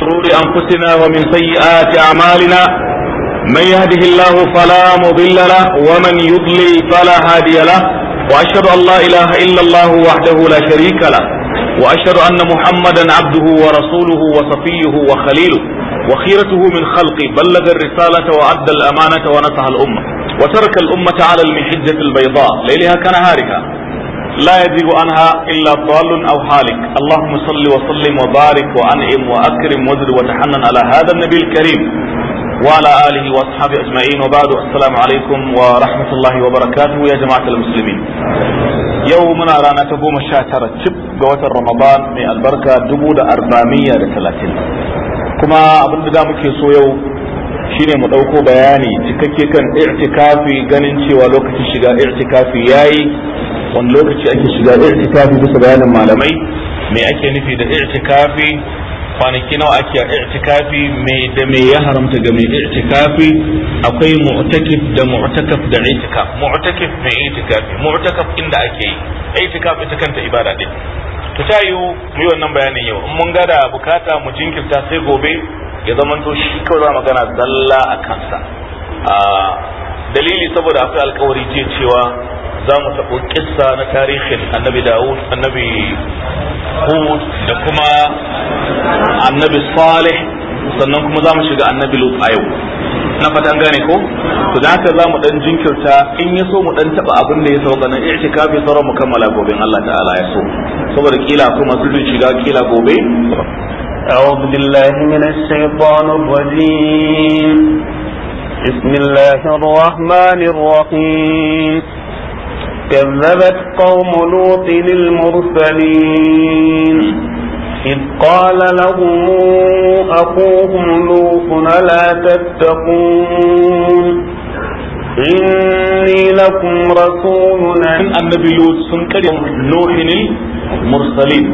شرور أنفسنا ومن سيئات أعمالنا من يهده الله فلا مضل له ومن يضلل فلا هادي له وأشهد أن لا إله إلا الله وحده لا شريك له وأشهد أن محمدا عبده ورسوله وصفيه وخليله وخيرته من خلقه بلغ الرسالة وأدى الأمانة ونصح الأمة وترك الأمة على المحجة البيضاء ليلها كنهارها لا يزيغ عنها إلا ضال أو هالك اللهم صل وسلم وبارك وأنعم وأكرم وزد وتحنن على هذا النبي الكريم وعلى آله وأصحابه أجمعين وبعد السلام عليكم ورحمة الله وبركاته يا جماعة المسلمين يومنا رانا تقوم الشاترة شب قوة رمضان من البركة دبود أربعمية لثلاثين كما أبن دامك يسويو shine mu ɗauko bayani cikakke kan i'tikafi ganin cewa lokacin shiga i'tikafi yayi wani lokaci ake shiga i'tikafi bisa bayanin malamai me ake nufi da i'tikafi kwanaki nawa ake a i'tikafi me da me ya haramta ga me i'tikafi akwai mu'takif da mu'takaf da i'tikaf mu'takif me i'tikafi mu'takaf inda ake yi i'tikaf ita kanta ibada din to ta yiwu mu yi wannan bayanin yau in mun gada bukata mu jinkirta sai gobe ya zamanto shi kawai za gana zalla a kansa dalili saboda akwai alkawari ce cewa za mu taɓo kissa na tarihin annabi dawud annabi hud da kuma annabi salih sannan kuma za mu shiga annabi lut a yau na fatan gane ko to da haka za mu dan jinkirta in ya so mu dan taba abin da ya sauka nan i'tikafi sauran mu kammala gobe Allah ta'ala ya so saboda kila ko masu jin shiga kila gobe أعوذ بالله من الشيطان الرجيم بسم الله الرحمن الرحيم كذبت قوم لوط للمرسلين إذ قال لهم أخوهم لوط ألا تتقون إني لكم رسول النبي لوط سنكر نوح للمرسلين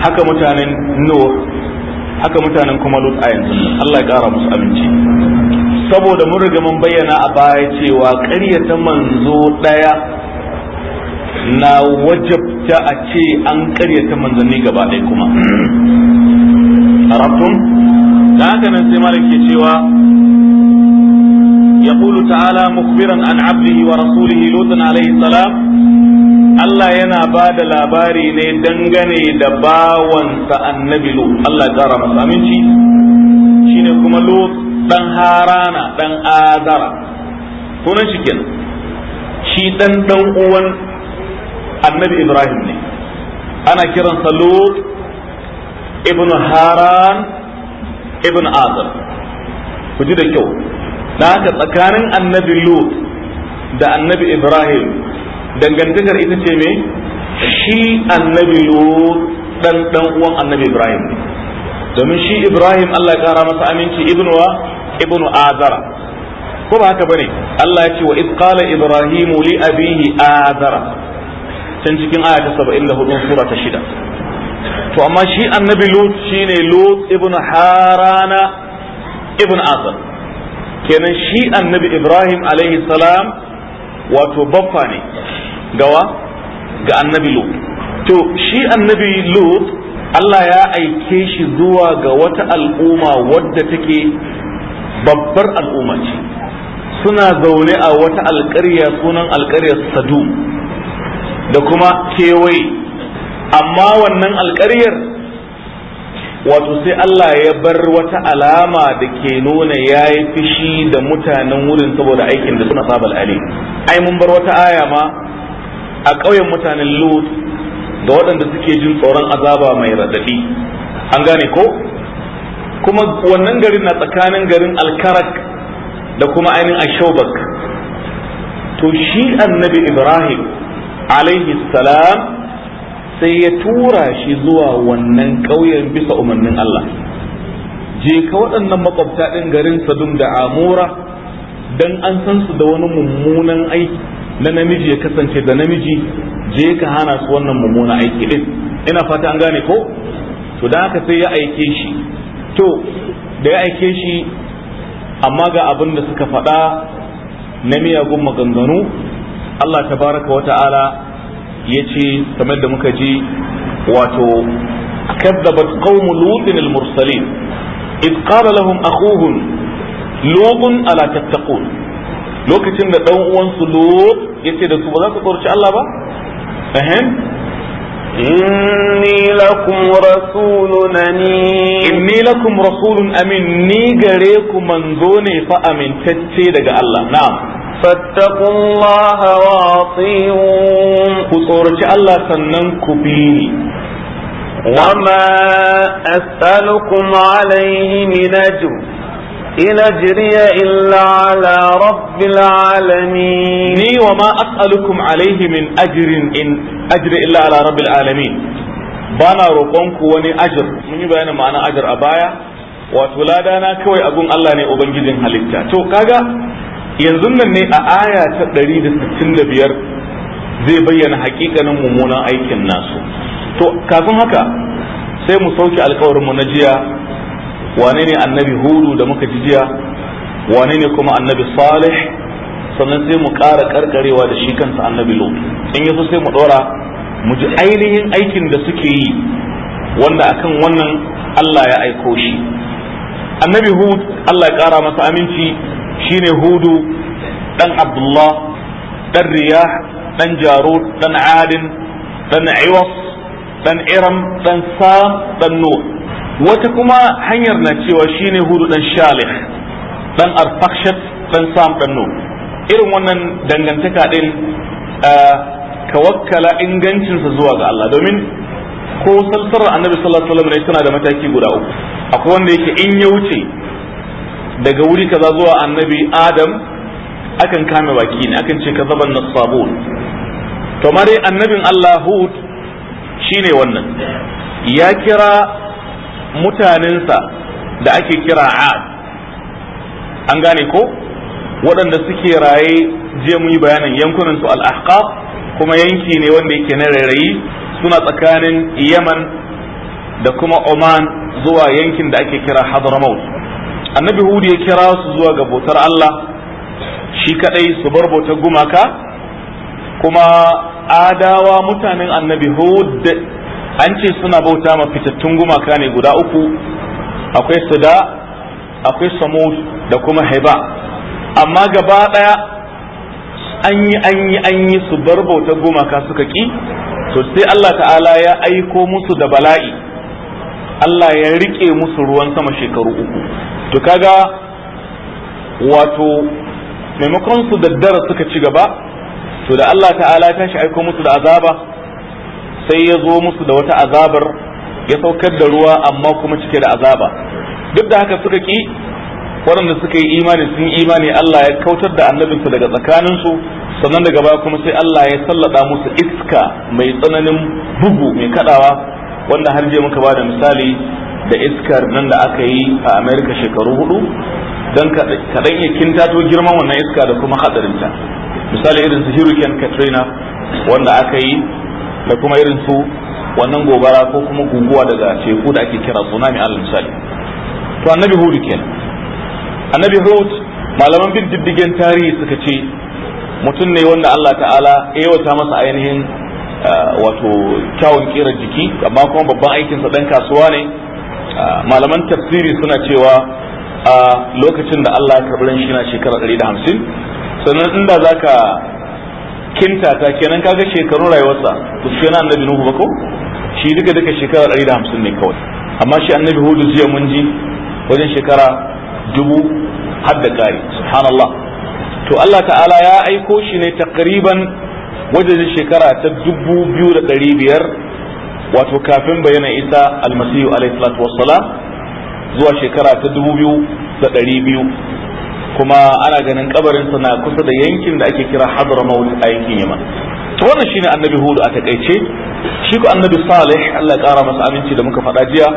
حكى mutanen نوح حكى mutanen kuma Lut a yanzu Allah saboda mun riga mun bayyana a baya cewa ƙaryata manzo ɗaya na wajabta a ce an ƙaryata manzanni gaba ɗaya kuma arabtum da haka nan sai malik ke cewa yaqulu ta'ala mukbiran an abdihi wa rasulihi lutun alaihi salam Allah yana ba da labari ne dangane da bawansa annabi Lut Allah ya masa aminci shine kuma Lut dan harana dan azara sunan shi kenan shi dan dan uwan annabi ibrahim ne ana kiransa lut ibn haran ibn azar ku ji da kyau dan haka tsakanin annabi lut da annabi ibrahim dangantakar ita ce me shi annabi lut dan dan uwan annabi ibrahim ne domin shi Ibrahim Allah ya kara masa aminci ibnu wa ibnu Azara ko ba haka bane Allah ya ce wa id qala Ibrahim li abihi Azara can cikin aya ta 74 sura ta shida. to amma shi annabi Lut shine Lut ibn Harana ibn azara kenan shi annabi Ibrahim alaihi salam wato baffa ne gawa ga annabi Lut to shi annabi Lut Allah ya aike shi zuwa ga wata al'umma wadda take babbar al'umma ce suna zaune a wata alƙarya sunan alƙaryar sadu da kuma kewaye amma wannan alƙaryar wato sai Allah ya bar wata alama da ke nuna ya yi fishi da mutanen wurin saboda aikin da suna sabal ali ai mun bar wata aya ma a ƙauyen mutanen lut Da waɗanda suke jin tsoron azaba mai raɗaɗi an gane ko kuma wannan garin na tsakanin garin alkarak da kuma ainihin ashobak to shi annabi ibrahim alaihi salam sai ya tura shi zuwa wannan ƙauyen bisa umarnin allah je ka waɗannan makwabta ɗin garin sadum da amura don an san su da wani mummunan aiki na namiji ya kasance da namiji je ka hana su wannan mummuna aiki din ina fata an gane ko to da haka sai ya aike shi to da ya aike shi amma ga abin da suka faɗa na miyagun maganganu Allah tabaraka wa ta'ala ya ce kamar da muka ji wato kazzabat qaumu lutin al-mursalin id qala lahum akhuhum lutun ala tattaqun lokacin da ɗan uwansu lot yace da su ba za su tsorci Allah ba ahem inni lakum rasulun amin inni lakum rasulun amin ni gare ku manzo ne fa amintacce daga Allah na'am فاتقوا Allah sannan ku bi. سنن كبيني وما أسألكم عليه من أجر إن أجري إلا على رب العالمين ني وما أسألكم عليه من أجر إن أجري إلا على رب bana roƙonku wani ajir mun yi bayanin ma'ana ajir a baya wato ladana kawai abun Allah ne ubangijin halitta to kaga yanzun nan ne a aya ta ɗari da biyar zai bayyana hakikanin mummunan aikin nasu to kafin haka sai mu sauke alkawarinmu na jiya wane ne annabi hudu da muka ji jiya wane ne kuma annabi salih sannan sai mu ƙara karkarewa da shi kansa annabi lot in yaso sai mu ɗora mu ji ainihin aikin da suke yi wanda akan wannan Allah ya aiko shi annabi hud Allah ya ƙara masa aminci shine hudu dan abdullah dan riyah dan jarud dan adin dan iwas dan iram dan sam dan nuh wata kuma hanyar na cewa shine hudu dan shalih dan arfakshat dan sam dan irin wannan dangantaka din ka wakkala ingancinsa zuwa ga Allah domin ko salsalar annabi sallallahu alaihi wasallam ne tana da mataki guda uku akwai wanda yake in ya wuce daga wuri kaza zuwa annabi adam akan kame baki ne akan ce kazaban nasabun to mare annabin Allah hud shine wannan ya kira mutanensa da ake kira ad an gane ko waɗanda suke raye jiya mu yi bayanin yankunan su al kuma yanki ne wanda yake na rairayi suna tsakanin yaman da kuma oman zuwa yankin da ake kira hadramaut annabi Hud ya kira su zuwa ga bautar allah shi kadai su bar bautar gumaka kuma adawa mutanen annabi hud an ce suna bauta ma fitattun gumaka ne guda uku akwai suda akwai samu da kuma haiba amma gaba daya an yi an yi an yi su bar bautar gumaka suka ki to sai Allah ta'ala ya aiko musu da bala'i Allah ya rike musu ruwan sama shekaru uku to kaga wato maimakon su daddara suka ci gaba to da Allah ta'ala ya tashi aiko musu da azaba sai ya zo musu da wata azabar ya saukar da ruwa amma kuma cike da azaba duk da haka suka ki waɗanda suka yi imani sun imani Allah ya kautar da annabinsu daga tsakaninsu sannan daga baya kuma sai Allah ya sallada musu iska mai tsananin bugu mai kadawa wanda har je muka bada misali da iskar nan da aka yi a Amerika shekaru hudu don kaɗan ya kintato girman wannan iska da kuma hadarinta misali irin su Hurricane Katrina wanda aka yi da kuma irin su wannan gobara ko kuma guguwa daga teku da ake kira tsunami alal misali to annabi hud kenan annabi hud malaman bin diddigen tarihi suka ce mutum ne wanda Allah ta'ala wata masa ainihin wato kyawun kera jiki amma kuma babban sa dan kasuwa ne malaman tafsiri suna cewa a lokacin da Allah ya karɓi shi na shekara 150 sannan inda zaka kinta ta kenan kaga shekarun rayuwarsa to shi na annabi nuhu ba ko shi duka duka shekara 150 ne kawai amma shi annabi hudu jiya mun ji wajen shekara dubu har da kari subhanallah to Allah ta'ala ya aiko shi ne takriban wajen shekara ta dubu biyu da ɗari biyar wato kafin bayyana isa almasihu alaihi salatu wassalam zuwa shekara ta dubu biyu da ɗari biyu kuma ana ganin kabarinsa na kusa da yankin da ake kira hadramaut a yankin yaman to wannan shine annabi hudu a takaice shi ko annabi salih Allah kara masa aminci da muka faɗa jiya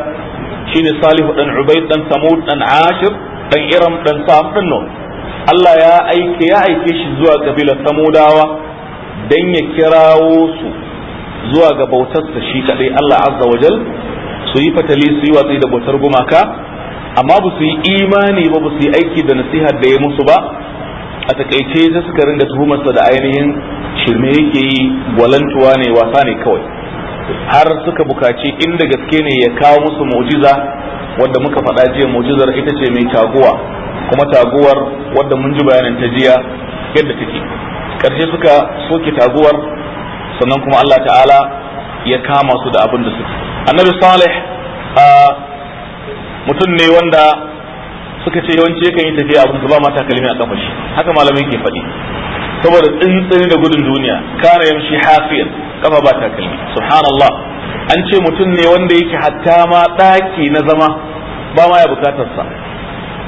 shine salihu dan ubayd dan samud dan ashir dan iram dan sam dan nun Allah ya aike ya aike shi zuwa kabilar samudawa dan ya kirawo su zuwa ga bautar bautarsa shi kadai Allah azza wajal su yi fatali su yi watsi da bautar gumaka amma ba su yi imani ba ba su yi aiki da nasihar da ya musu ba a takaice sai suka ringa tuhumarsa da ainihin shirme yake yi walantuwa ne wasa ne kawai har suka bukaci inda gaske ne ya kawo musu mu'jiza wadda muka faɗa jiya mu'jizar ita ce mai taguwa kuma taguwar wadda mun ji bayanin ta jiya yadda take karshe suka soke taguwar sannan kuma Allah ta'ala ya kama su da abin da suka annabi salih ah, mutum ne wanda suka ce yawanci yakan yi tafiya abin ba ma kalmi a kafa shi haka malamai ke faɗi saboda tsintsini da gudun duniya kana yamshi hafiyar kafa ba takalmi subhanallah an ce mutum ne wanda yake hatta ma ɗaki na zama ba ma ya bukatarsa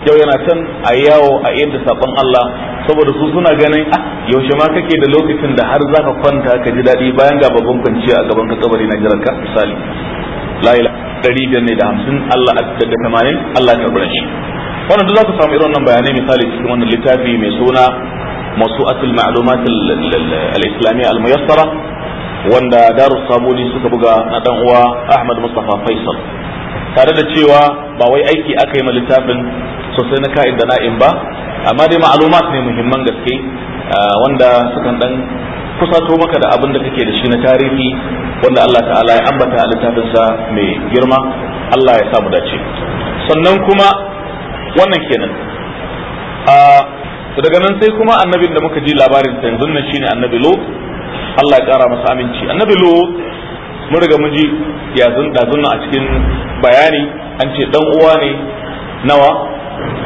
yau yana can a yawo a yadda sabon Allah saboda su suna ganin ah yaushe ma kake da lokacin da har zaka kwanta ka ji daɗi bayan ga babban kwanciya a gaban ka kabari na jiran ka, misali la Dari biyar ne da hamsin Allah daga tamanin Allah ya karɓar shi wannan duk za ku samu irin wannan bayanai misali cikin wannan littafi mai suna masu'atul ma'lumat al-islamiyya al-muyassara wanda darus sabuni suka buga na dan uwa Ahmad Mustafa Faisal tare da cewa ba wai aiki aka yi ma littafin sosai na ka'in da na'in ba amma dai ma'lumat ne muhimman gaske ah, wanda sukan dan kusato maka da abin da kake da shi na tarihi wanda Allah ta'ala ya ambata a littafinsa mai girma Allah ya samu dace sannan kuma wannan kenan a daga nan sai kuma annabin da muka ji labarin yanzu nan shine annabi lo Allah ya kara masa aminci annabi lo mun riga mun ji ya zun a cikin bayani an ce dan uwa ne nawa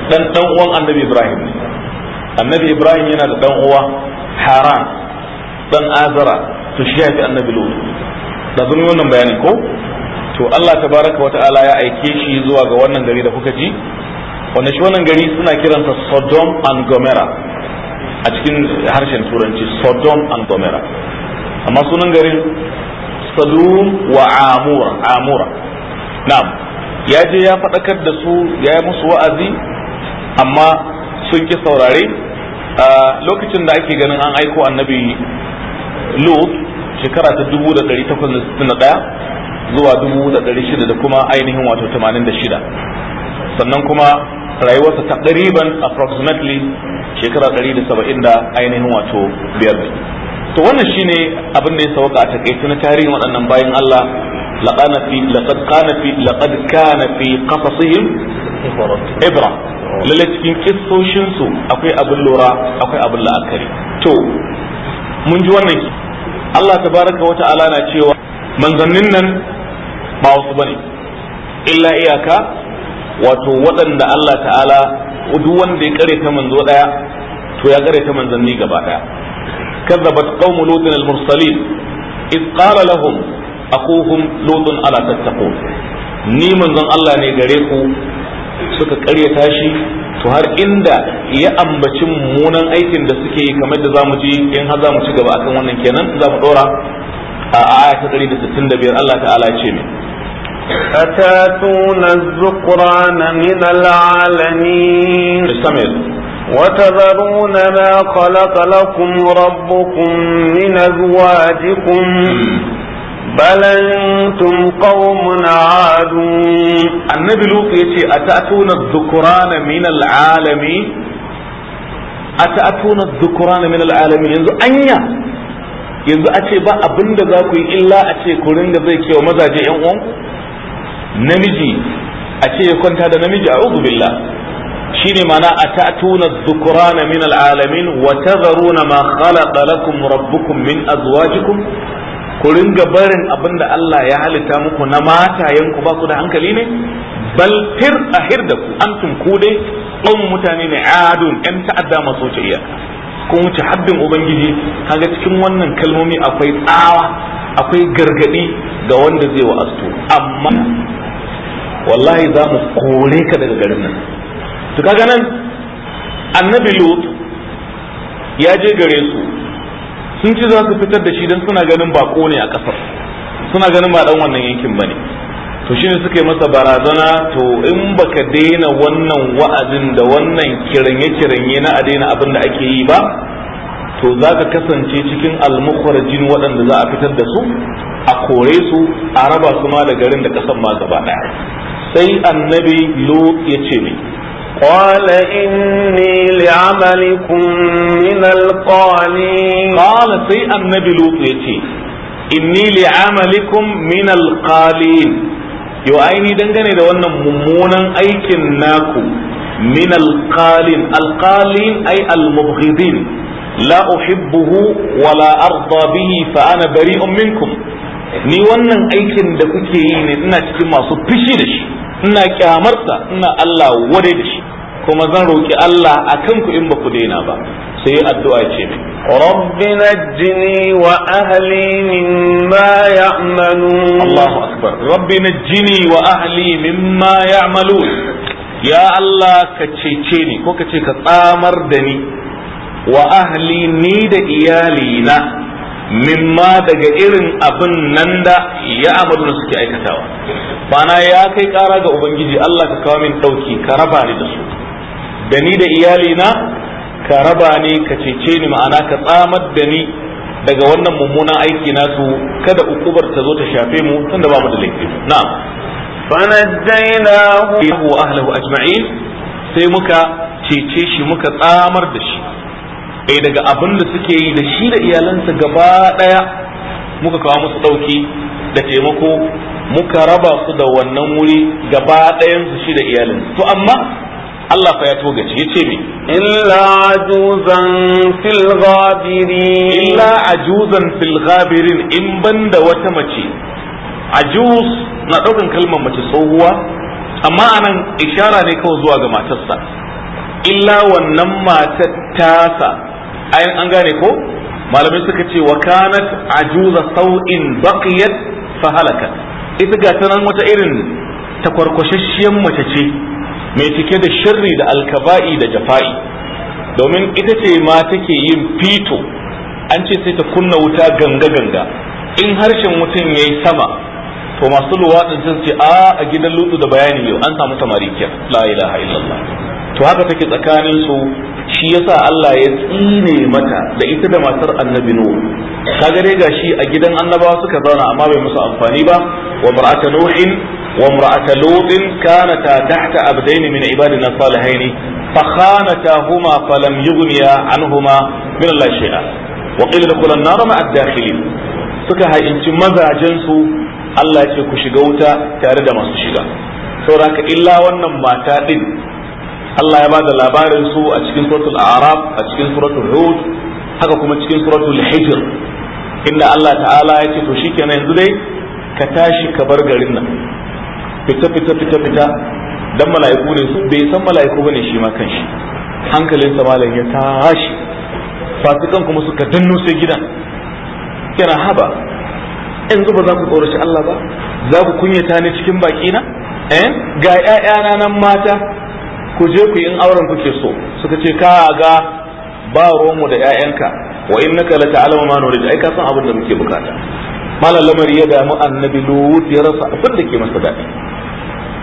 dan dan uwan annabi Ibrahim annabi Ibrahim yana da dan uwa Haran dan azara to shi ya fi annabi lut da zuni wannan bayani ko to Allah tabaraka wa ta'ala ya aike shi zuwa ga wannan gari da kuka ji wannan shi wannan gari suna kiransa Sodom and Gomera a cikin harshen turanci Sodom and Gomera amma sunan garin Sodom wa Amura Amura na'am ya je ya faɗakar da su ya yi musu wa'azi amma sun ki saurare lokacin da ake ganin an aiko annabi lut shekara ta 1861 zuwa 1600 da kuma ainihin wato 86 sannan kuma rayuwarsa ta taqriban approximately shekara 170 da ainihin wato biyar to wannan shine abin da ya sauka a takaice na tarihin waɗannan bayan Allah laƙad في na fi في لقد كان في قصصهم إبرة للتكين قصوشنسو akwai abin اللورا أكوي mun ji wannan ki Allah tabaraka wa ta'ala na cewa manzannin nan ba wasu bane illa iyaka wato waɗanda Allah ta'ala duk wanda ya kare ta manzo daya to ya kare ta manzanni gaba daya kazzabat qaum lutin al mursalin id qala lahum akuhum lutun ala tattaqun ni manzon Allah ne gare ku suka karya tashi to har inda ya ambaci mummunan aikin da suke yi kamar da zamu ji in har zamu ci gaba akan wannan kenan za mu dora a aya ta 165 Allah ta'ala ya ce ne أتاتون الذكران من العالمين استمر وتذرون ما خلق لكم ربكم من أزواجكم بل أنتم قوم عادون النبي لوط يتي أتأتون الذكران من العالمين أتأتون الذكران من العالمين ينزو yanzu a ce ba abin da za ku yi illa a ce ku ringa zai kewa mazaje yan uwan namiji a ce ya kwanta da namiji a uzu billah shine mana a ta'tuna dhukrana min alalamin wa tadharuna ma khalaqa lakum rabbukum min azwajikum ku ringa barin abin da Allah ya halitta muku na mata ba ku da hankali ne bal hir a da ku antum ku dai ɗan mutane ne adun yan ta'adda masu wuce iyaka kun wuce haddin ubangiji kaga cikin wannan kalmomi akwai tsawa akwai gargadi ga wanda zai wa'astu amma wallahi za mu kore ka daga garin nan to kaga nan annabi lut ya je gare su sun ce za su fitar da shi don suna ganin bako ne a kasar suna ganin ba dan wannan yankin ba ne to shi ne suka yi masa barazana to in baka daina wannan wa'azin da wannan kiranye-kiranye na a daina abin da ake yi ba to za ka kasance cikin almukwarjin waɗanda za a fitar da su a kore su a raba su ma da garin da ƙasar ma gaba ɗaya sai annabi lo ya ce mai قال إني لعملكم من القالين قال في النبي لوط يتي إني لعملكم من القالين yau aini dangane da wannan mummunan aikin naku min alqalin alqalin ay almubghidin la uhibbuhu wa la arda bihi fa ana ni wannan aikin da kuke yi ne ina cikin masu fishi da shi ina kyamarsa ina Allah wade da kuma zan roki Allah a kanku in ba ku daina ba sai addu'a ce mai rabbi najjini wa ahli mimma ya'malun Allahu akbar rabbi najjini wa ahli mimma ya'malun ya Allah ka cece ni ko ka ce ka tsamar da ni wa ahli ni da iyalina mimma daga irin abin nan da ya na suke aikatawa bana ya kai kara ga ubangiji Allah ka kawo min ɗauki, ka raba ni da su da ni da iyali na ka raba ni ka cece ni ma'ana ka tsamar da ni daga wannan mummunan aiki nasu kada ukubar ta zo ta shafe mu tunda ba mu da laifi na'am fanajjaynahu wa ahlihi ajma'in sai muka cece shi muka tsamar da shi eh daga abin da suke yi da shi da iyalansa gaba daya muka kawo musu dauki da taimako muka raba su da wannan wuri gaba dayan su shi da iyalin to amma Allah fa ya togace ce me illa ajuzan fil illa ajuzan fil in banda wata mace ajuz na daukan kalmar mace tsohuwa amma anan ishara ne kawai zuwa ga matarsa illa wannan matar tasa ayin an gane ko malamai suka ce wa kanat ajuza sau'in baqiyat fa halakat ita ga tanan wata irin takwarkwashashshiyar mace ce mai cike da shirri da alkaba'i da jafa'i domin ita ce ma take yin fito an ce sai ta kunna wuta ganga ganga in harshen mutum yayi sama to masu luwaɗin sun ce a a gidan lutsu da bayani yau an samu samari kiyar la ilaha illallah to haka take tsakanin su shi yasa Allah ya tsine mata da ita da matar annabi nuhu kaga dai shi a gidan annabawa suka zauna amma bai musu amfani ba wa mar'atu nuhin وامرأة لوط كانتا تحت عبدين من عبادنا الصالحين فخانتاهما فلم يغنيا عنهما من الله شيئا وقيل ادخل النار مع الداخلين suka ha'inci mazajensu Allah ya ce ku shiga wuta tare da masu shiga sauraka illa wannan mata din Allah ya bada labarin su a cikin suratul a'raf a cikin suratul hud haka kuma cikin suratul hijr inda Allah ta'ala ya ce to shikenan yanzu dai ka tashi ka bar garin nan fita fita fita fita dan mala'iku ne su bai san mala'iku bane shi ma kanshi hankalin sa malam ya tashi fasikan kuma suka danno sai gidan kira haba yanzu ba za ku shi Allah ba za ku kunyata ni cikin baki na eh ga ƴaƴana nan mata ku je ku yin auren kuke so suka ce ka ga ba romu da ƴaƴanka wa innaka la ta'lamu ma nurid ai ka san abin da muke bukata malam lamari ya damu annabi lut ya rasa abin da ke masa dadi.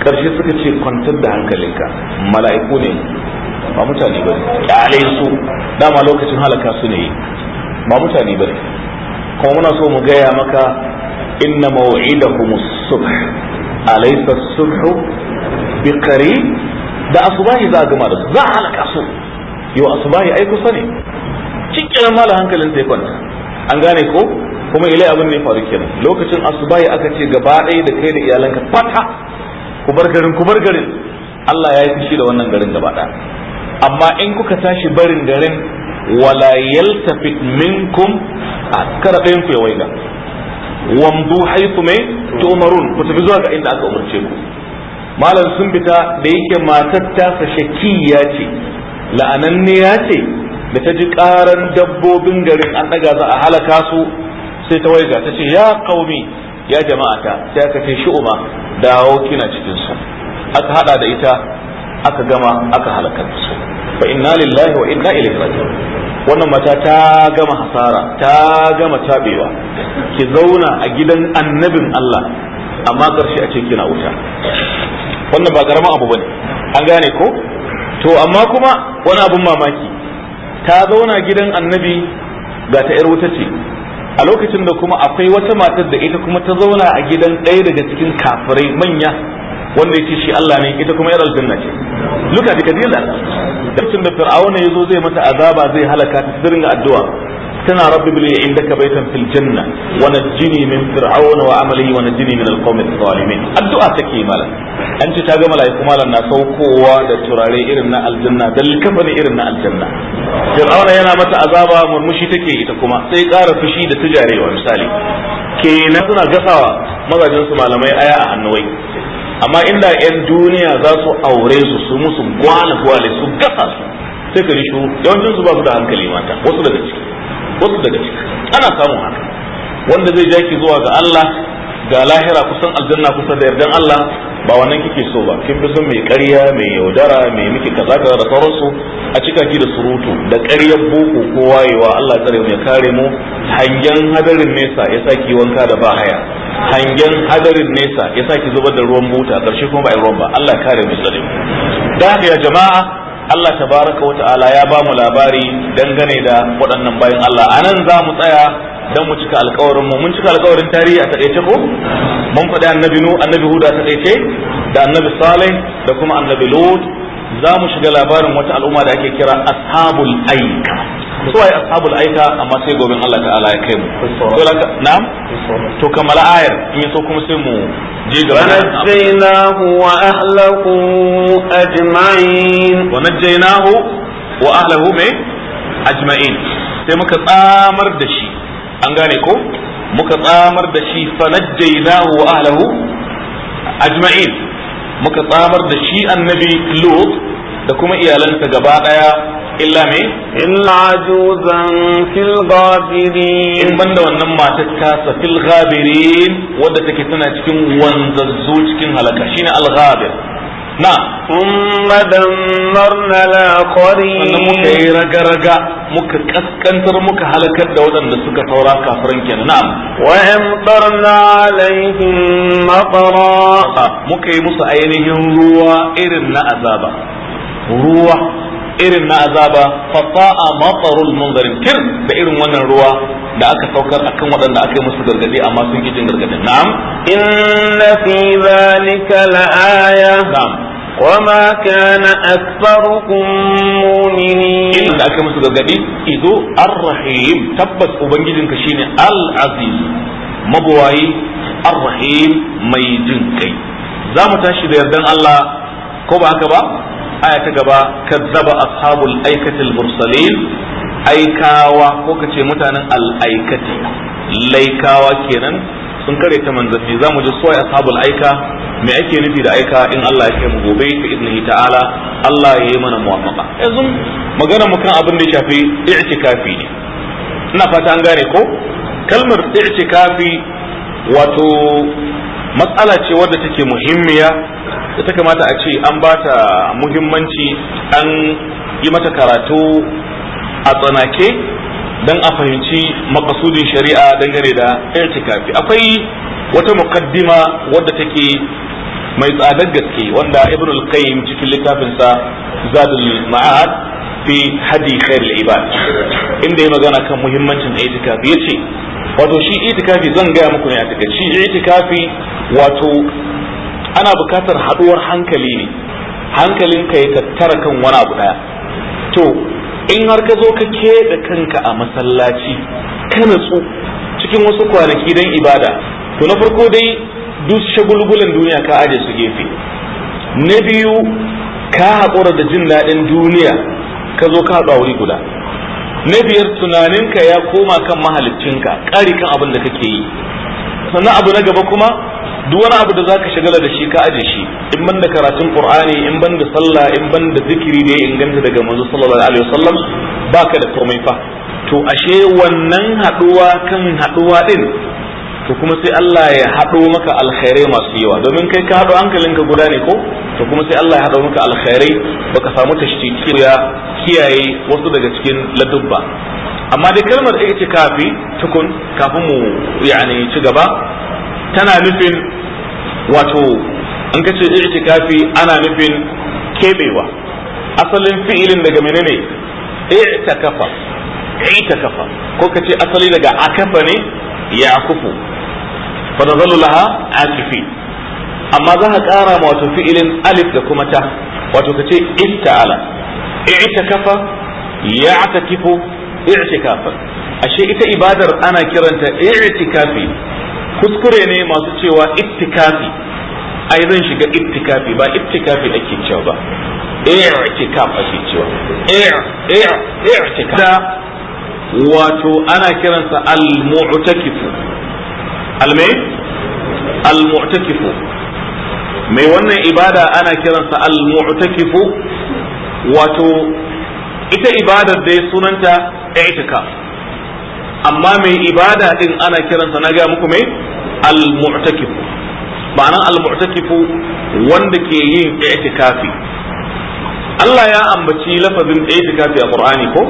karshe suka ce kwantar da hankalinka mala'iku ne ba mutane ba ne su dama lokacin halaka su ne ba mutane ba ne kuma muna so mu gaya maka inna maw'idahum kuma subh alaysa as-subh biqari da asubahi za a gama da su za a halaka su yau asubahi ai kusa ne cikin mala hankalin sai kwanta an gane ko kuma ilai abin ne faru kenan lokacin asubahi aka ce gaba ɗaya da kai da iyalanka fata ku bar garin ku bar garin Allah ya yi fushi da wannan garin gaba ɗaya amma in kuka tashi barin garin wala yaltafit minkum kada ɗayan ku ya waiga wamdu haythu mai tu'marun ku tafi zuwa ga inda aka umarce ku malam sun fita da yake matar shaki ya ce la'ananne ya ce da ta ji karan dabbobin garin an ɗaga za a halaka su sai ta waiga ta ce ya kaumi ya jama'a ta sai aka ce shu'uma dawo kina cikin su aka hada da ita aka gama aka halakar su fa inna lillahi wa inna ilaihi raji'un wannan mata ta gama hasara ta gama tabewa ki zauna a gidan annabin Allah amma karshe a ce kina wuta wannan ba karamin abu bane an gane ko to amma kuma wani abun mamaki ta zauna gidan annabi ga ta yar wuta ce a lokacin da kuma akwai wata matar da ita kuma ta zauna a gidan ɗaya daga cikin kafirai manya wanda ya ce shi Allah ne ita kuma yar aljanna ce luka da kadila lokacin da fir'auna ya zo zai mata azaba zai halaka ta dinga addu'a tana rabbi bil indaka baitan fil janna wa najjini min fir'aun wa amalihi wa najjini min al-qawmi adh-dhalimin addu'a take malam an ce ta ga malaiku malam na saukowa da turare irin na aljanna da likafani irin na aljanna fir'aun yana mata azaba murmushi take ita kuma sai ƙara fushi da jarewa. misali kenan suna gasawa mazajin su malamai aya a hannuwai amma inda 'yan duniya za su aure su su musu gwana gwale su gasa su sai ka ji shuru su ba su da hankali mata wasu daga ciki wasu daga ciki ana samun haka wanda zai ja ki zuwa ga Allah ga lahira kusan aljanna kusa da yardan Allah ba wannan kike so ba kin fi son mai ƙarya mai yaudara mai miki kaza kaza da sauransu a cika ki da surutu da ƙaryar boko ko wayewa Allah tsare mu ya kare mu hangen hadarin nesa ya saki wanka da ba haya hangen hadarin nesa ya saki zubar da ruwan buta karshe kuma ba ruwan ba Allah ya kare mu tsare mu da haka ya jama'a Allah ta tabaraka wa ta'ala ya ba mu labari dangane da waɗannan bayan Allah a nan za mu tsaya don mu cika alkawarin mun cika alkawarin tarihi a takaice ko mun faɗi annabi nu annabi huda a takaice da annabi salih da kuma annabi lut za mu shiga labarin wata al'umma da ake kira ashabul aika su waye ashabul aika amma sai gobe Allah ta'ala ya kai mu to laka na'am to kamala ayar in yaso kuma sai mu je ga najjaynahu wa ahlahu ajma'in wa najjaynahu wa ahlahu me ajma'in sai muka tsamar da shi an gane ko muka tsamar da shi fa najjaynahu wa ahlahu ajma'in muka tsamar da shi annabi lut da kuma iyalansa gaba daya illa me illa ajuzan fil ghabirin in banda wannan matar tasa fil ghabirin wadda take tana cikin wanzazzu cikin halaka shine al ghabir na thumma dammarna la qarin muka yi raga raga muka kaskantar muka halakar da waɗanda suka saura kafirin kenan na'am wa amtarna alaihim matara muka yi musu ainihin ruwa irin na azaba ruwa irin na azaba fata'a matsarul munzarin kir da irin wannan ruwa da aka saukar akan waɗanda aka yi musu gargadi amma sun ki jin gargaɗin na'am inna fi zalika aya. na'am wama kana aktharukum mu'minin da aka yi musu gargaɗi izo ar-rahim tabbas ka shine al-aziz mabuwayi ar-rahim mai jin kai za mu tashi da yardan Allah ko ba haka ba aya ta gaba kazzaba ashabul aikatil mursalin aikawa ko ce mutanen al'aikati laikawa kenan sun kare ta manzanni zamu ji suwai ashabul aika me ake nufi da aika in Allah ya kai mu gobe ta iznihi ta'ala Allah ya yi mana muwafaqa yanzu magana mu kan abin da ya shafi i'tikafi ne ina fata an gane ko kalmar i'tikafi wato matsala ce wadda take muhimmiya da ta kamata a ce an ba ta muhimmanci an yi mata karatu a tsanake don a fahimci makasudin shari'a dangane da irtikafi akwai wata mukaddima wadda take mai tsadar gaske wanda ibn al-qayyim cikin littafinsa zadul ma'ad fi hadi khairul ibad inda ya magana kan muhimmancin itikafi yace wato shi itikafi zan gaya muku ne a take shi itikafi wato ana bukatar haduwar hankali ne hankalinka ya tattara kan wani abu daya to in har ka zo ka ke da kanka a masallaci kana cikin wasu kwanaki dan ibada to na farko dai duk shagulgulan duniya ka aje su gefe na biyu ka haƙura da jin daɗin duniya ka zo ka haɗa wuri guda na biyar tunaninka ya koma kan mahaliccinka ƙari kan abin da kake yi sannan abu na gaba kuma duk wani abu da zaka shagala da shi ka aje shi in ban da karatun qur'ani in ban da sallah in ban da zikiri da ya inganta daga manzo sallallahu alaihi wasallam baka da komai fa to ashe wannan haduwa kan haduwa ɗin to kuma sai Allah ya haɗo maka alkhairai masu yawa domin kai ka haɗo hankalinka guda ne ko to kuma sai Allah ya haɗo maka alkhairai baka samu tashtiti ya kiyaye wasu daga cikin ladubba amma dai kalmar kafi tukun kafin mu yani ci gaba tana nufin wato in ka ce i'tikafi ana nufin kebewa asalin fi'ilin daga menene i'takafa i'takafa ko ka ce asali daga akafa ne ya akufu fa nazalu laha akifi amma za ka kara ma wato fi'ilin alif da kuma ta wato ka ce itta'ala i'tikafa ya'takifu i'tikafa ashe ita ibadar ana kiranta i'tikafi kuskure ne masu cewa ittikafi ai zan shiga ittikafi ba ittikafi ake cewa ba i'tikaf ake cewa i'tikaf wato ana kiransa al-mu'takifu al-me al-mu'takifu mai wannan ibada ana kiransa al-mu'takifu wato ita ibadar dai sunanta itika amma mai ibada din ana kiransa na ga muku mai al-mu'takif ma'anan al-mu'takif wanda ke yin i'tikafi Allah ya ambaci lafazin i'tikafi a Qur'ani ko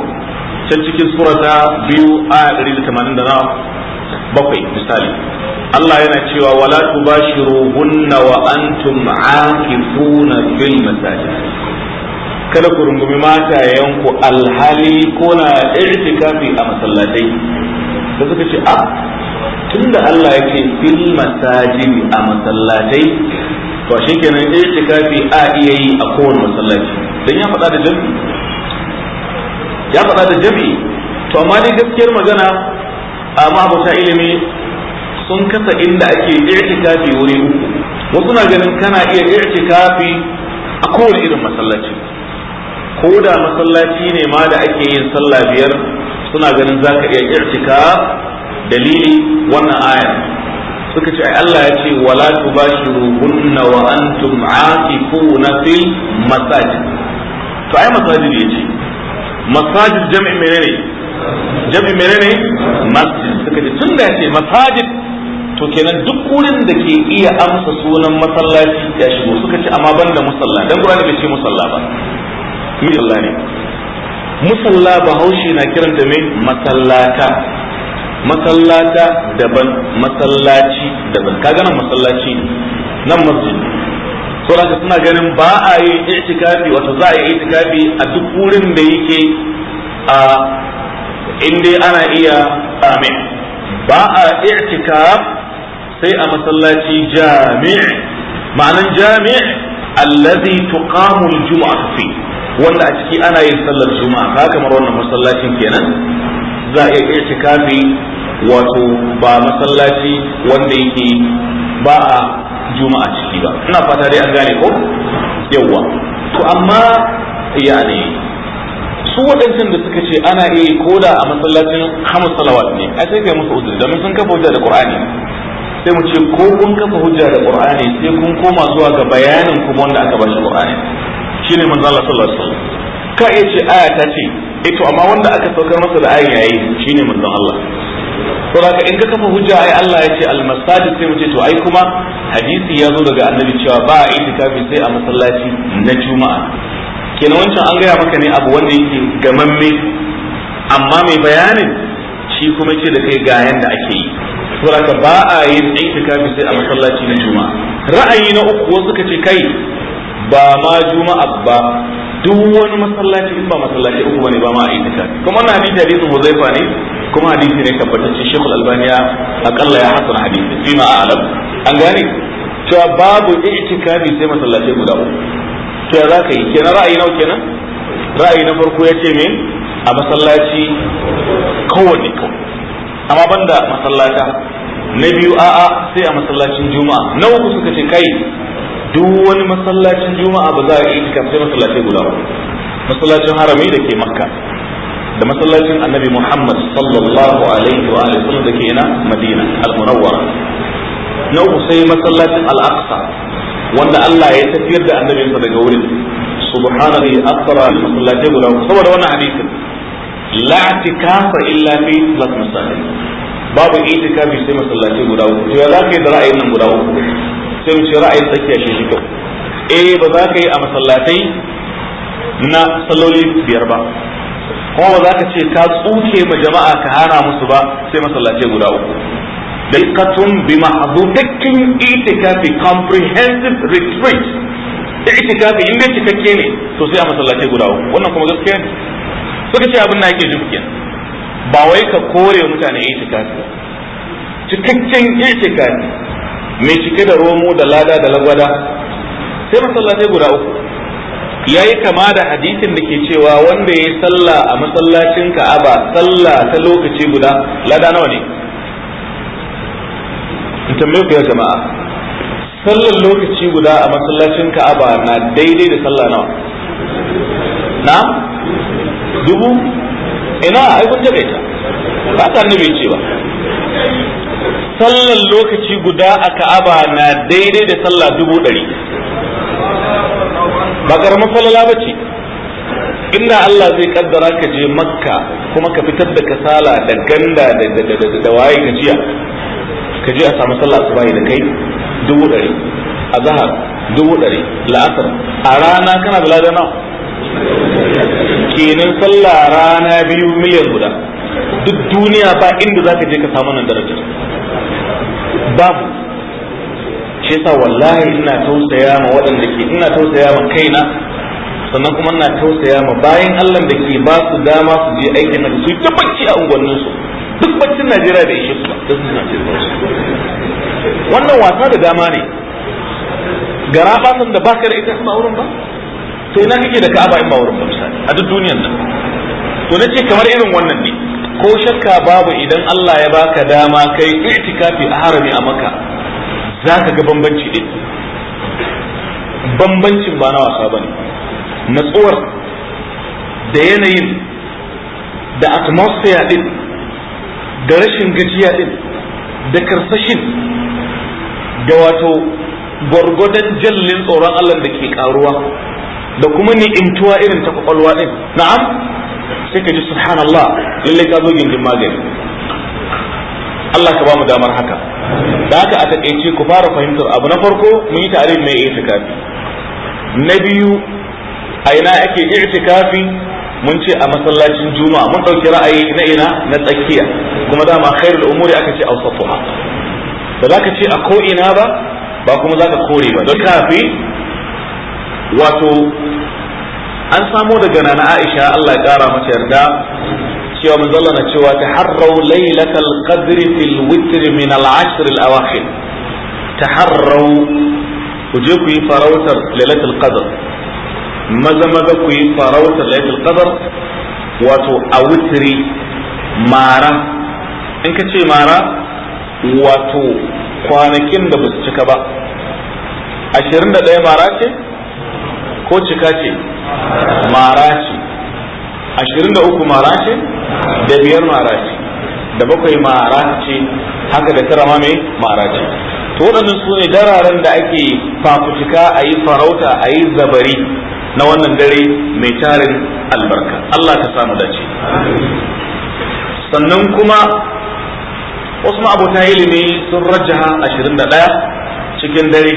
can cikin surata biyu a 187 misali Allah yana cewa wala hunna wa antum aakifuna fil masajid kada ku rungumi matayenku alhali ko na irtikafi a masallatai da suka ce a ah, tunda Allah yake fil masajidi a masallatai to kenan irtikafi a iya yi a kowane masallaci dan ya faɗa da jami ya faɗa da jami to amma dai gaskiyar magana a mabuta ilimi sun kasa inda ake irtikafi wuri uku wasu na ganin kana iya irtikafi a kowane irin masallaci ko da masallaci ne ma da ake yin sallah biyar suna ganin za ka iya irtika dalili wannan aya suka ce Allah ya ce wala hunna wa antum aakifuna fil masajid to ai masajid ya ce masajid jami'i menene jami'i menene masjid suka ce tun da ce masajid to kenan duk wurin da ke iya amsa sunan masallaci ya shigo suka ce amma banda musalla dan Qur'ani bai ce musalla ba musalla ne musalla bahaushe na kiranta mai masallata masallata daban masallaci daban ka gana masallaci nan masjid saboda suna ganin ba a yi itikafi wato za a yi itikafi a duk wurin da yake a inda ana iya amin ba a i'tikaf sai a masallaci jami'i ma'anan jami'i allazi tuqamu al-jum'atu fi wanda a ciki ana yin sallar juma'a ka kamar wannan masallacin kenan za a iya itikafi wato ba masallaci wanda yake ba a juma'a ciki ba ina fata dai an gane ko yawa to amma ya ne su waɗancan da suka ce ana iya koda a masallacin hamus salawat ne a sai kai musu uzuri domin sun kafa hujja da qur'ani sai mu ce ko kun kafa hujja da qur'ani sai kun koma zuwa ga bayanin kuma wanda aka bashi qur'ani ne manzo Allah sallallahu alaihi wasallam ka iya ce aya ta ce eh amma wanda aka saukar masa da ayin yayi ne manzo Allah to haka in ka kafa hujja ai Allah ya ce al masadi sai mu ce to ai kuma hadisi ya zo daga annabi cewa ba a itikafi sai a masallaci na juma'a kenan wancan an gaya maka ne abu wanda yake gamamme amma mai bayanin shi kuma ce da kai ga yanda ake yi haka ba a yin itikafi sai a masallaci na juma'a ra'ayi na uku wasu suka ce kai ba ma juma'a ba duk wani masallaci in ba masallaci uku bane ba ma a itika kuma na hadisi hadisin Huzaifa ne kuma hadisi ne tabbatacce Sheikh albaniya albani akalla ya hasana hadisi fi ma a'lam an gane to babu itikafi sai masallaci guda uku to ya zaka yi kenan ra'ayi nawa kenan ra'ayi na farko yace me a masallaci kowanne kawai amma banda masallaci na biyu a'a sai a masallacin juma'a na uku suka ce kai duk wani masallacin juma'a ba za a yi itikaf sai masallacin guda ba masallacin harami da ke makka da masallacin annabi muhammad sallallahu alaihi wa alihi wasallam da ke na madina al-munawwara na uku sai masallacin al-aqsa wanda Allah ya tafiyar da annabinsa daga wurin subhanallahi asra masallacin guda saboda wannan hadisin la i'tikafa illa fi thalath masajid babu itikafi sai masallacin guda uku to ya zaka yi da ra'ayin nan guda uku sai mu ce ra'ayin tsakiya shi shi kyau eh ba za ka yi a masallatai na salloli biyar ba kuma ba za ka ce ka tsuke ma jama'a ka hana musu ba sai masallatai guda uku dalkatun bi dukkan itikafi comprehensive retreat itikafi inda cikakke ne to sai a masallatai guda uku wannan kuma gaskiya ne suka ce abin na yake jin ba wai ka kore mutane itikafi cikakken itikafi mai cike da romo da lada da lagwada sai masallatai guda uku Ya yi kama da hadisin da ke cewa wanda ya yi sallah a masallacin ka'aba sallah ta lokaci guda lada nawa ne in ku ya jama'a sallar lokaci guda a masallacin ka'aba na daidai da sallah nawa na dubu ina aikun kun jabe ta ba ta annabi ce ba sallan lokaci guda a ka'aba na daidai da sallah dubu ɗari ba ƙaramin falala ba ce inda Allah zai kaddara ka je makka kuma ka fitar da kasala da ganda da waye gajiya ka je a samu sallah su bayi da kai dubu ɗari a zahar dubu ɗari la'asar a rana kana da ladana nawa kenan sallah rana biyu miliyan guda duk duniya ba inda za ka je ka samu nan darajar babu shi sa wallahi ina tausaya ma waɗanda ke ina tausaya ma kaina sannan kuma ina tausaya ma bayan Allah da ke ba su dama su je aikin nan su ta bacci a unguwannin su duk baccin Najeriya da ishe su ba duk Najeriya ce wannan wasa da dama ne gara basan da ba ka da ita ba wurin ba Sai na kake da Ka'aba in ba wurin ba misali a duk duniyar nan to nace kamar irin wannan ne ko shakka babu idan Allah ya baka dama kai itikafi a harami a maka za ka ga bambanci ɗin bambancin ba na wasa ba ne natsuwar da yanayin da atmosphere ɗin da rashin gajiya ɗin da karsashin da wato gwargwadon jallin tsoron Allah da ke karuwa da kuma ni'intuwa irin ta kwakwalwa ɗin na'am sai ka ji subhanallah lallai ka zo gindin magani Allah ka ba mu damar haka da haka a takaice ku fara fahimtar abu na farko mun yi tare mai itikafi na biyu a ina ake itikafi mun ce a masallacin juma'a mun ɗauki ra'ayi na ina na tsakiya kuma dama khairul umuri aka ce awsatuha ba za ka ce a ko ina ba ba kuma za ka kore ba don kafi wato an samo daga nana Aisha Allah ya kara mata yarda cewa manzo Allah na cewa taharraw lailatal qadr fil witr min al ashr al awakhir taharraw ku je ku yi farautar lailatul qadr maza maza ku yi farautar lailatul qadr wato a witri mara in ka ce mara wato kwanakin da ba su cika ba 21 mara ce ko cika ce mara ashirin da uku mara da biyar mara da bakwai mara haka da tara ma mai mara to waɗannan su ne dararen da ake fafutuka a yi farauta a yi zabari na wannan dare mai tarin albarka Allah ka samu dace sannan kuma wasu ma'abuta ilimi sun rajaha ɗaya cikin dare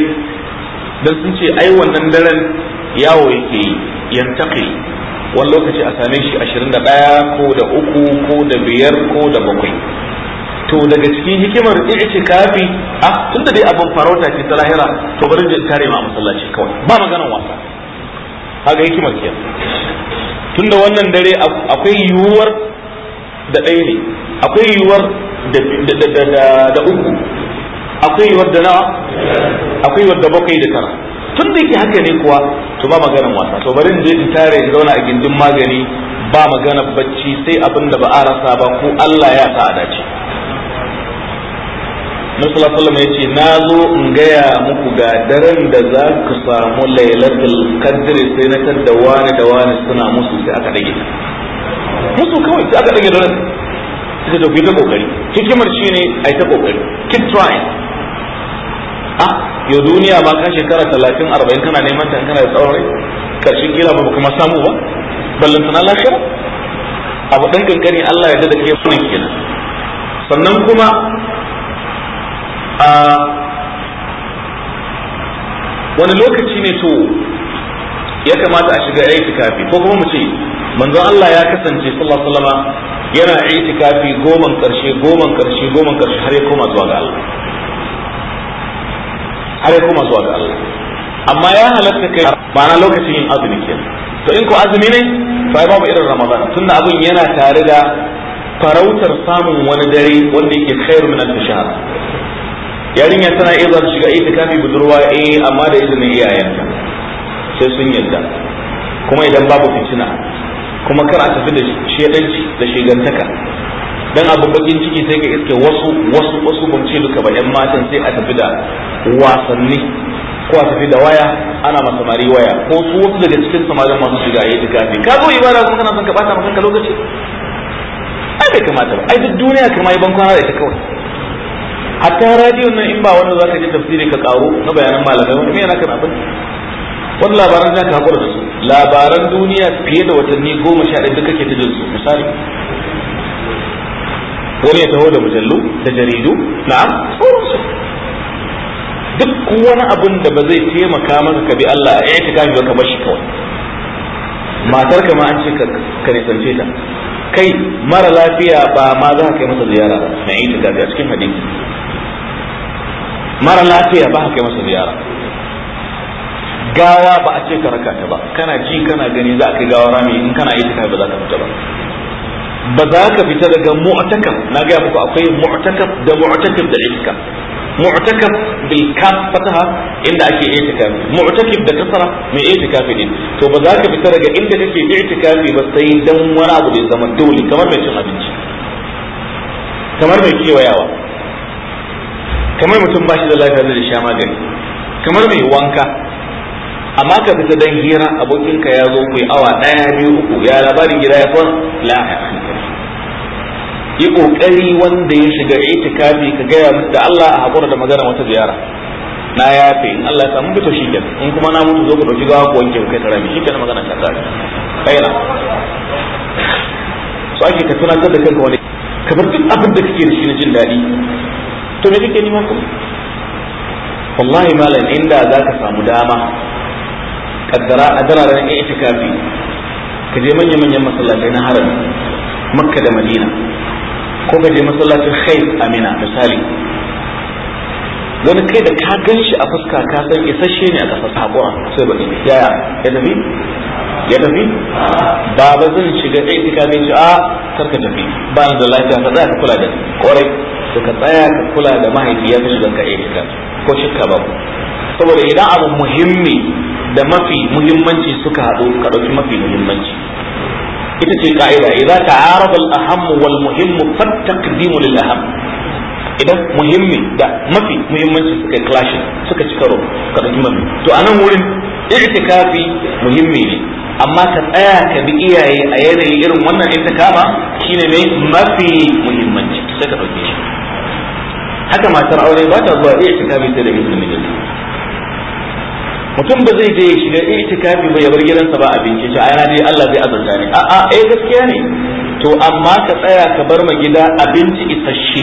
don sun ce ai wannan daren yawo yake yi yantaqi wani lokaci a same shi 21 ko da uku ko da biyar ko da bakwai to daga cikin hikimar kafi, a ah, tunda dai abin farauta ke ta lahira to bari jin kare ma masallaci kawai ba maganar wasa kaga hikimar ke tunda wannan dare akwai yiwuwar da ɗaya ne akwai yiwuwar da uku akwai yiwuwar da nawa akwai yiwuwar da bakwai da tara tun da yake haka ne kuwa to ba maganar wasa to bari in je in tare in zauna a gindin magani ba magana bacci sai abin da ba a rasa ba ko Allah ya ta adace dace Sallama sallallahu ya ce na zo in gaya muku ga daren da za ku samu lailatul qadr sai na tada wani da wani suna musu sai aka dage musu kawai sai aka dage daren da, tafi ta kokari hikimar shine ai ta kokari keep trying ah yau duniya ma ka shekara talatin arba'in kana neman ta kana da tsawon rai karshen kila ba kuma samu ba ballan tana lafiya abu dan kankani Allah ya da ke sunan kenan sannan kuma a wani lokaci ne to ya kamata a shiga kafi ko kuma mu ce manzon Allah ya kasance sallallahu alaihi wasallam yana kafi goman karshe goman karshe goman karshe har ya koma zuwa ga Allah har ya koma zuwa ga Allah amma ya halatta kai ma'ana lokacin yin azumi kenan to in ko azumi ne fa babu irin ramadan tunda abin yana tare da farautar samun wani dare wanda yake khairu min al-shahr yarinya tana iya zuwa shiga itikafi budurwa eh amma da izinin iyayenta sai sun yarda kuma idan babu fitina kuma kar a tafi da shedanci da shigantaka dan abu bakin ciki sai ka iske wasu wasu wasu ban ce duka ba yan matan sai a tafi da wasanni ko a tafi da waya ana ma samari waya ko su wasu daga cikin samarin masu shiga ya yi kafi ka zo ibada kuma kana son ka bata maka lokaci ai bai kamata ba ai duk duniya kamar ban kwana da ita kawai hatta radiyon nan in ba wani za ka ji tafsiri ka karo na bayanan malamai wani me yana kan abin wani labaran za ka haƙura da su labaran duniya fiye da watanni goma sha ɗaya duka ke ta jinsu misali wani ya taho da mujallu da jaridu na'am sauransu duk wani abin da ba zai taimaka maka ka bi Allah a yi tikafi ba kamar shi kawai matar ka ma an ce ka nisance ta kai mara lafiya ba ma za ka kai masa ziyara ba na yi ta a cikin hadisi mara lafiya ba ka kai masa ziyara gawa ba a ce ka raka ta ba kana ji kana gani za ka gawa rami in kana yi tikafi ba za ka fita ba ba za ka fita daga mu'takaf na ga muku akwai mu'takaf da mu'takaf da iska mu'takaf bil kaf fataha inda ake itikafi mu'takaf da kasara mai itikafi ne to ba za ka fita daga inda kake itikafi ba sai dan wani abu da zama dole kamar mai cin abinci kamar mai kewayawa kamar mutum ba shi da lafiya da sha magani kamar mai wanka amma ka fita dan hira abokinka ya zo kai awa daya biyu uku ya labarin gida ya fa la yi kokari wanda ya shiga itikafi ka gaya da Allah a hakura da magana wata ziyara na yafe in Allah ya samu bito shi kenan in kuma na mutu zo ka dauki gawa ko wanke kai ta rami shi kenan magana ta tsari kaina so ake ka tunatar da kanka wani ka bar duk abin da kake da shi na jin daɗi to me kake nima ku wallahi malam inda za ka samu dama kaddara a dararen ya itikafi ka je manya-manyan masallatai na harami makka da madina ko ka je masallacin khair amina misali wani kai da ka gan shi a fuska ka san isasshe ne a kafa a sai ba yaya ya tafi ya tafi ba ba zan shiga ɗaya ka gan shi a ah, karka tafi ba ni da lafiya ka tsaya ka kula da kwarai to ka tsaya ka kula da mahaifi ya fi shigan ka ko shakka ba saboda idan abu muhimmi da mafi muhimmanci suka haɗu ka ɗauki mafi muhimmanci ita ce ka'ida idza ta'arada al-aham wal muhim fa lil aham idan muhimmi da mafi muhimmanci suka clashin suka ci karo ka dauki mafi to a nan wurin i'tikafi muhimmi ne amma ka tsaya ka bi iyaye a yanayi irin wannan i'tikama shine mai mafi muhimmanci sai ka dauke shi haka matar aure ba ta zuwa i'tikafi sai da izinin mutum ba zai je ya shiga itikafi ba ya bar gidansa ba abinci ta ayana dai Allah zai azanta ne a a eh gaskiya ne to amma ka tsaya ka bar ma gida abinci isasshe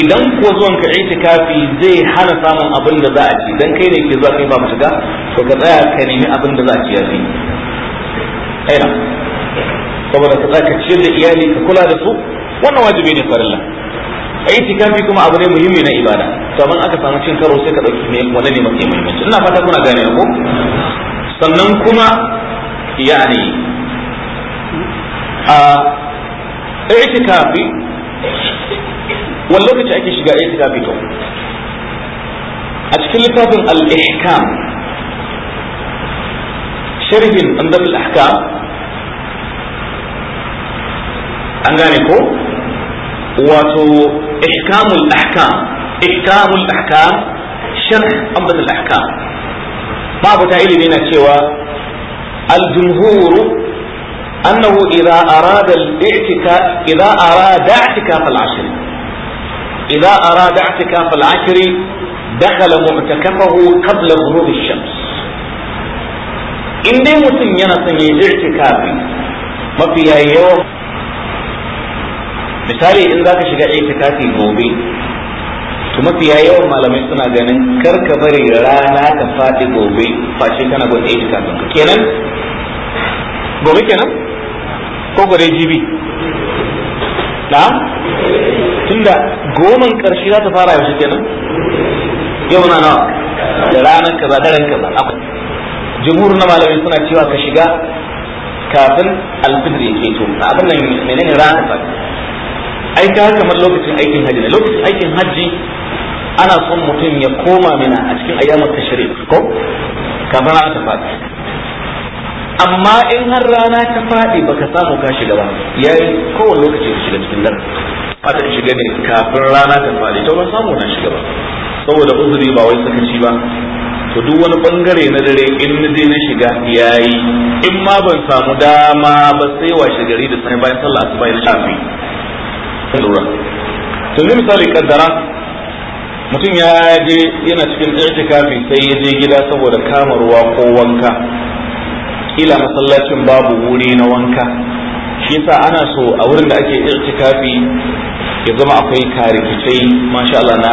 idan kuwa zuwan ka itikafi zai hana samun abin da za a ci dan kai ne ke zuwa kai ba mu shiga to ka tsaya ka nemi abin da za a ci yanzu aina saboda ka tsaya ka ciyar da iyali ka kula da su wannan wajibi ne farilla itikafi kuma abu ne muhimmi na ibada to amma aka samu cin karo sai ka dauki ne wannan ne mafi muhimmanci ina fata kuna gane ko sannan kuma yani a itikafi wani lokaci ake shiga itikafi to a cikin littafin al-ihkam sharhin andal al-ahkam an gane ko wato احكام الاحكام احكام الاحكام شرح ambatul الاحكام ما ta ilimi شوى الجمهور أنه إذا أراد الاعتكاف إذا أراد اعتكاف العشر إذا أراد اعتكاف العشر دخل معتكفه قبل غروب الشمس إن دي متن ينصني الاعتكاف ما في يوم misali in zaka shiga itikafi gobe to mafiya yawan malamai suna ganin kar ka bari rana ta faɗi gobe face kana gwada itikafin ka kenan gobe kenan ko gobe jibi na tunda goman karshe za ta fara yaushe kenan yau na nawa da ranar kaza daren kaza akwai jumhur na malamai suna cewa ka shiga kafin ya ke to abin nan menene ranar ai ka kamar lokacin aikin hajji lokacin aikin hajji ana son mutum ya koma mina a cikin ayyamar tashrik ko kafin rana ta faɗi amma in har rana ta faɗi baka samu ka shiga ba yayi kowane lokaci ka shiga cikin dare ba in shiga ne kafin rana ta faɗi to ba samu na shiga ba saboda uzuri ba wai sakaci ba to duk wani bangare na dare in na je na shiga yayi in ma ban samu dama ba sai washe gari da sai bayan sallah asuba na shafi sai lura to ne misali kaddara mutum ya je yana cikin i'tikafi sai ya je gida saboda kamarwa ko wanka ila masallacin babu wuri na wanka shi yasa ana so a wurin da ake i'tikafi ya zama akwai karikicai masha Allah na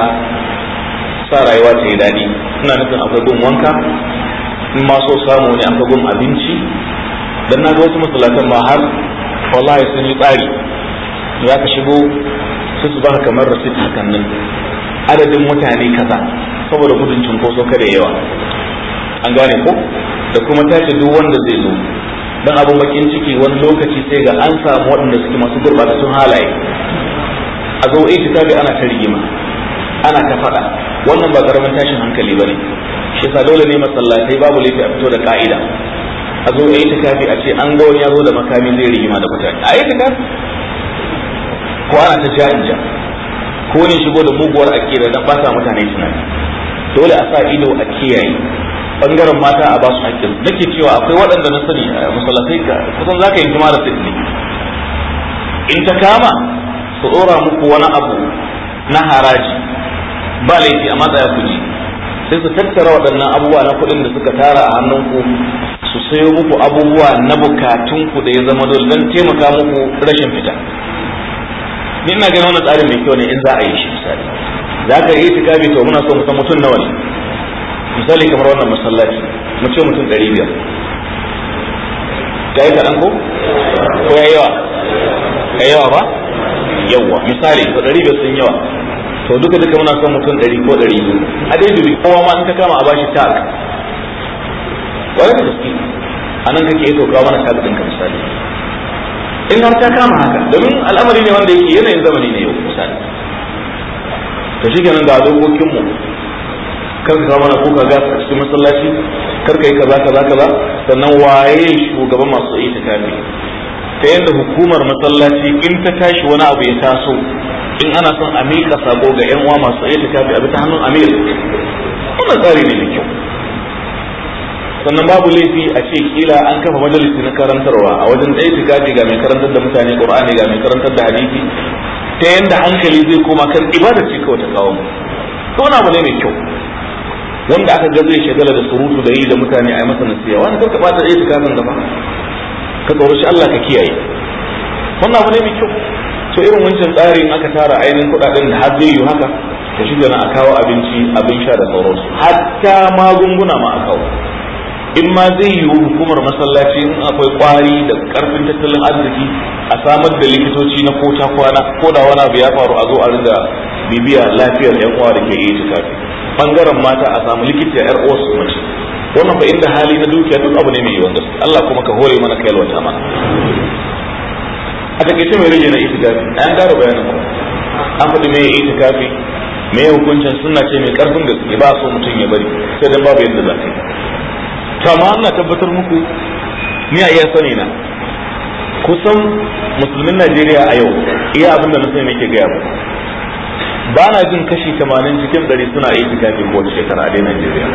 sa rayuwa ta yi daɗi ina nufin akwai gun wanka in ma so samu ne akwai gun abinci dan na ga wasu masallatan ma har wallahi sun yi tsari za ka shigo su su baka kamar rasit hakan nan adadin mutane kaza saboda gudun cunkoso kada yawa an gane ko da kuma tace duk wanda zai zo dan abin bakin ciki wani lokaci sai ga an samu waɗanda suke masu sun halaye a zo itikafi ana ta rigima ana ta faɗa wannan ba karamin tashin hankali bane shi sa dole ne masallatai babu laifi a fito da ka'ida a zo kafi a ce an ga wani ya zo da makami zai rigima da mutane a itikafi ko ana ta ja'ija ko ne shigo da muguwar akida dan ba sa mutane tunani dole a sa ido a kiyaye bangaren mata a basu hakkin nake cewa akwai waɗanda na sani a eh, masallatai ka kusan zaka yi jima da sitni in ta kama su dora muku wani abu na haraji ba laifi a matsaya ku sai su tattara waɗannan abubuwa na kuɗin da suka tara a hannunku su sayo muku abubuwa na bukatunku da ya zama dole don taimaka muku rashin fita ni ina ganin wannan tsarin mai kyau ne in za a yi shi misali za ka yi itikafi to muna so mu san mutum nawa ne misali kamar wannan masallaci mu ce mutum ɗari biyar ka yi ko ko ya yawa ya yawa ba yawa misali ko ɗari biyar sun yawa to duka duka muna son mutum ɗari ko ɗari biyu a dai dubi kowa ma in ka kama a bashi tak wani da a nan kake yi to kawo mana tak ɗinka misali in har ta kama haka domin al'amari ne wanda yake yanayin zamani ne yau misali ta shi kenan da dokokin mu kar ka mana ko ka ga a cikin masallaci kar ka yi kaza kaza kaza sannan waye shugaban masu itikafi ta Ta yadda hukumar masallaci in ta tashi wani abu ya taso in ana son a miƙa sako ga yan uwa masu itikafi a bi ta hannun amir wannan tsari ne mai kyau sannan babu laifi a ce kila an kafa majalisi na karantarwa a wajen ɗaya tikafi ga mai karantar da mutane qur'ani ga mai karantar da hadisi ta yanda hankali zai koma kan ibada ce kawai ta kawo to na bane mai kyau wanda aka ga zai shagala da surutu da yi da mutane a yi masa nasiya wani kar ka bata ɗaya nan gaba ka tsoro shi Allah ka kiyaye wannan abu ne mai kyau to irin wancan tsarin aka tara ainihin kuɗaɗen da har zai yi haka da shi a kawo abinci abin sha da sauransu hatta magunguna ma a kawo in ma zai yiwu hukumar masallaci in akwai kwari da karfin tattalin arziki a samar da likitoci na kota kwana ko da wani abu ya faru a zo a rinda bibiya lafiyar yan uwa da ke yi kafi. bangaren mata a samu likita yar su mace wannan fa inda hali na dukiya duk abu ne mai yiwuwa gaske Allah kuma ka hore mana kai alwata ma. a takaice mai rage na itikafi an gara bayanin ku an faɗi mai itikafi mai hukuncin suna ce mai karfin gaske ba so mutum ya bari sai dan babu yadda za ka yi kama Allah tabbatar muku ni a iya sani na kusan musulmin Najeriya a yau iya abin da musulmi ke gaya ba ba na jin kashi 80 cikin 100 suna aiki ko kowace shekara a dai Najeriya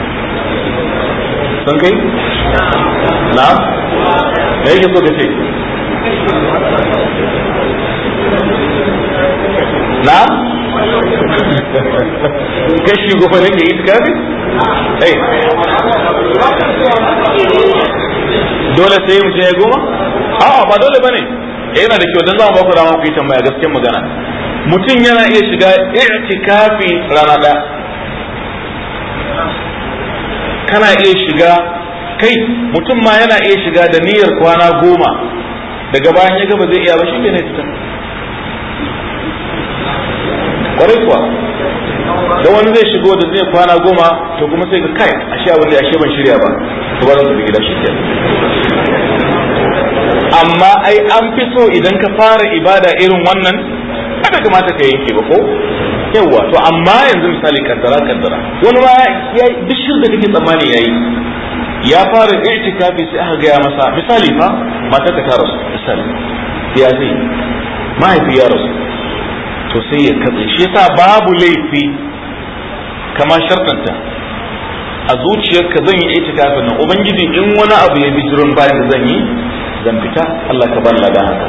sun kai na na yake so ka ce na kashi gufa ne ke itikafi dole sai mutum ya goma a'a ba dole bane yana da kyau dan za mu ba dama ku yi tambaya gaskiyar magana mutum yana iya shiga i'tikafi rana ɗaya. kana iya shiga kai mutum ma yana iya shiga da niyyar kwana goma daga bayan ya gaba zai iya ba shi ne fita kwarai kuwa da wani zai shigo da zai kwana goma to kuma sai ga kai ashe abin da ashe ban shirya ba to ba su tafi gida shi amma ai an fi so idan ka fara ibada irin wannan kada kamata ka yanke ba ko yawa to amma yanzu misali kaddara kaddara wani ma ya bishir da kake tsammani yayi ya fara i'tikafi sai aka gaya masa misali fa mata ta rasu misali ya zai mahaifi ya rasu to sai ya katse shi yasa babu laifi kamar shartanta a zuciyarka zan yi itikafin nan ubangiji in wani abu ya bi jirin bayan da zan yi zan fita Allah ka bar laga haka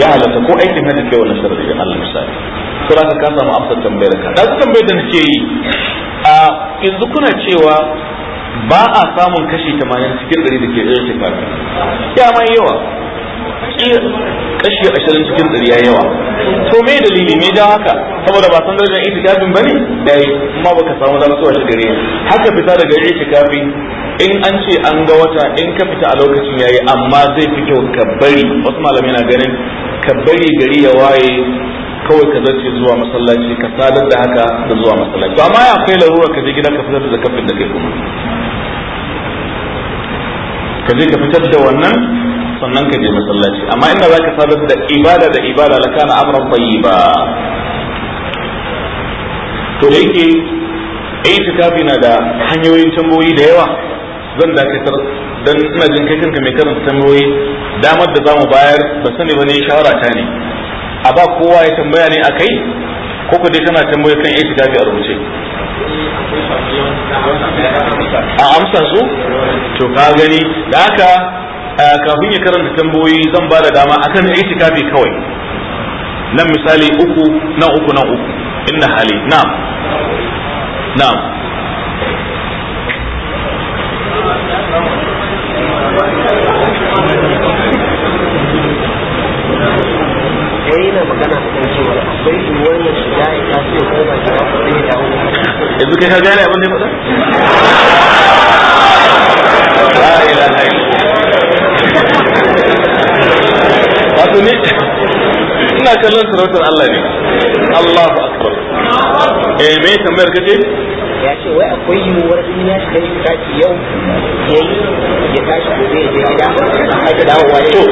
ya halatta ko aikin haka kai wannan da Allah misali to za ka samu amsar tambayar ka da tambayar da nake yi a yanzu kuna cewa ba a samun kashi 80 cikin 100 da ke irin tikafi ya mai yawa kashi ashirin cikin ɗari ya yawa to me dalili me da haka saboda ba san darajar itikafin bane dai kuma baka samu zama zuwa shigare haka fita daga itikafi in an ce an ga wata in ka fita a lokacin yayi amma zai fi kyau ka bari wasu malamai na ganin ka bari gari ya waye kawai ka zarce zuwa masallaci ka sadar da haka da zuwa masallaci to amma ya kai larura ka je gida ka fitar da zakafin da kai kuma ka je ka fitar da wannan sannan ka je masallaci amma inda zaka sadar da ibada da ibada la kana amran tayyiba to da yake itikafi na da hanyoyin tamboyi da yawa zan dakatar dan ina jin kai kanka mai karanta tamboyi damar da zamu bayar ba sani ba ne shawara ta ne a ba kowa ya tambaya ne akai ko ku dai kana tamboyi kan itikafi a rubuce a amsa su to ka gani da haka Eh, kafin ya karanta tambayoyi zan ba da dama akan kan yi kafi kawai nan misali uku nan uku nan uku inna hali na'am na'am yayi na magana akan cewa akwai wannan shiga ya kasu ya kai ba ki ba ko dai ya dawo yanzu kai ka gane abin da ya faɗa kallon sarautar Allah ne Allahu akbar eh me tambayar kace ya ce wai akwai yiwuwar in ya shiga yin tashi yau ya yi ya tashi gobe ya je gida a sake dawowa to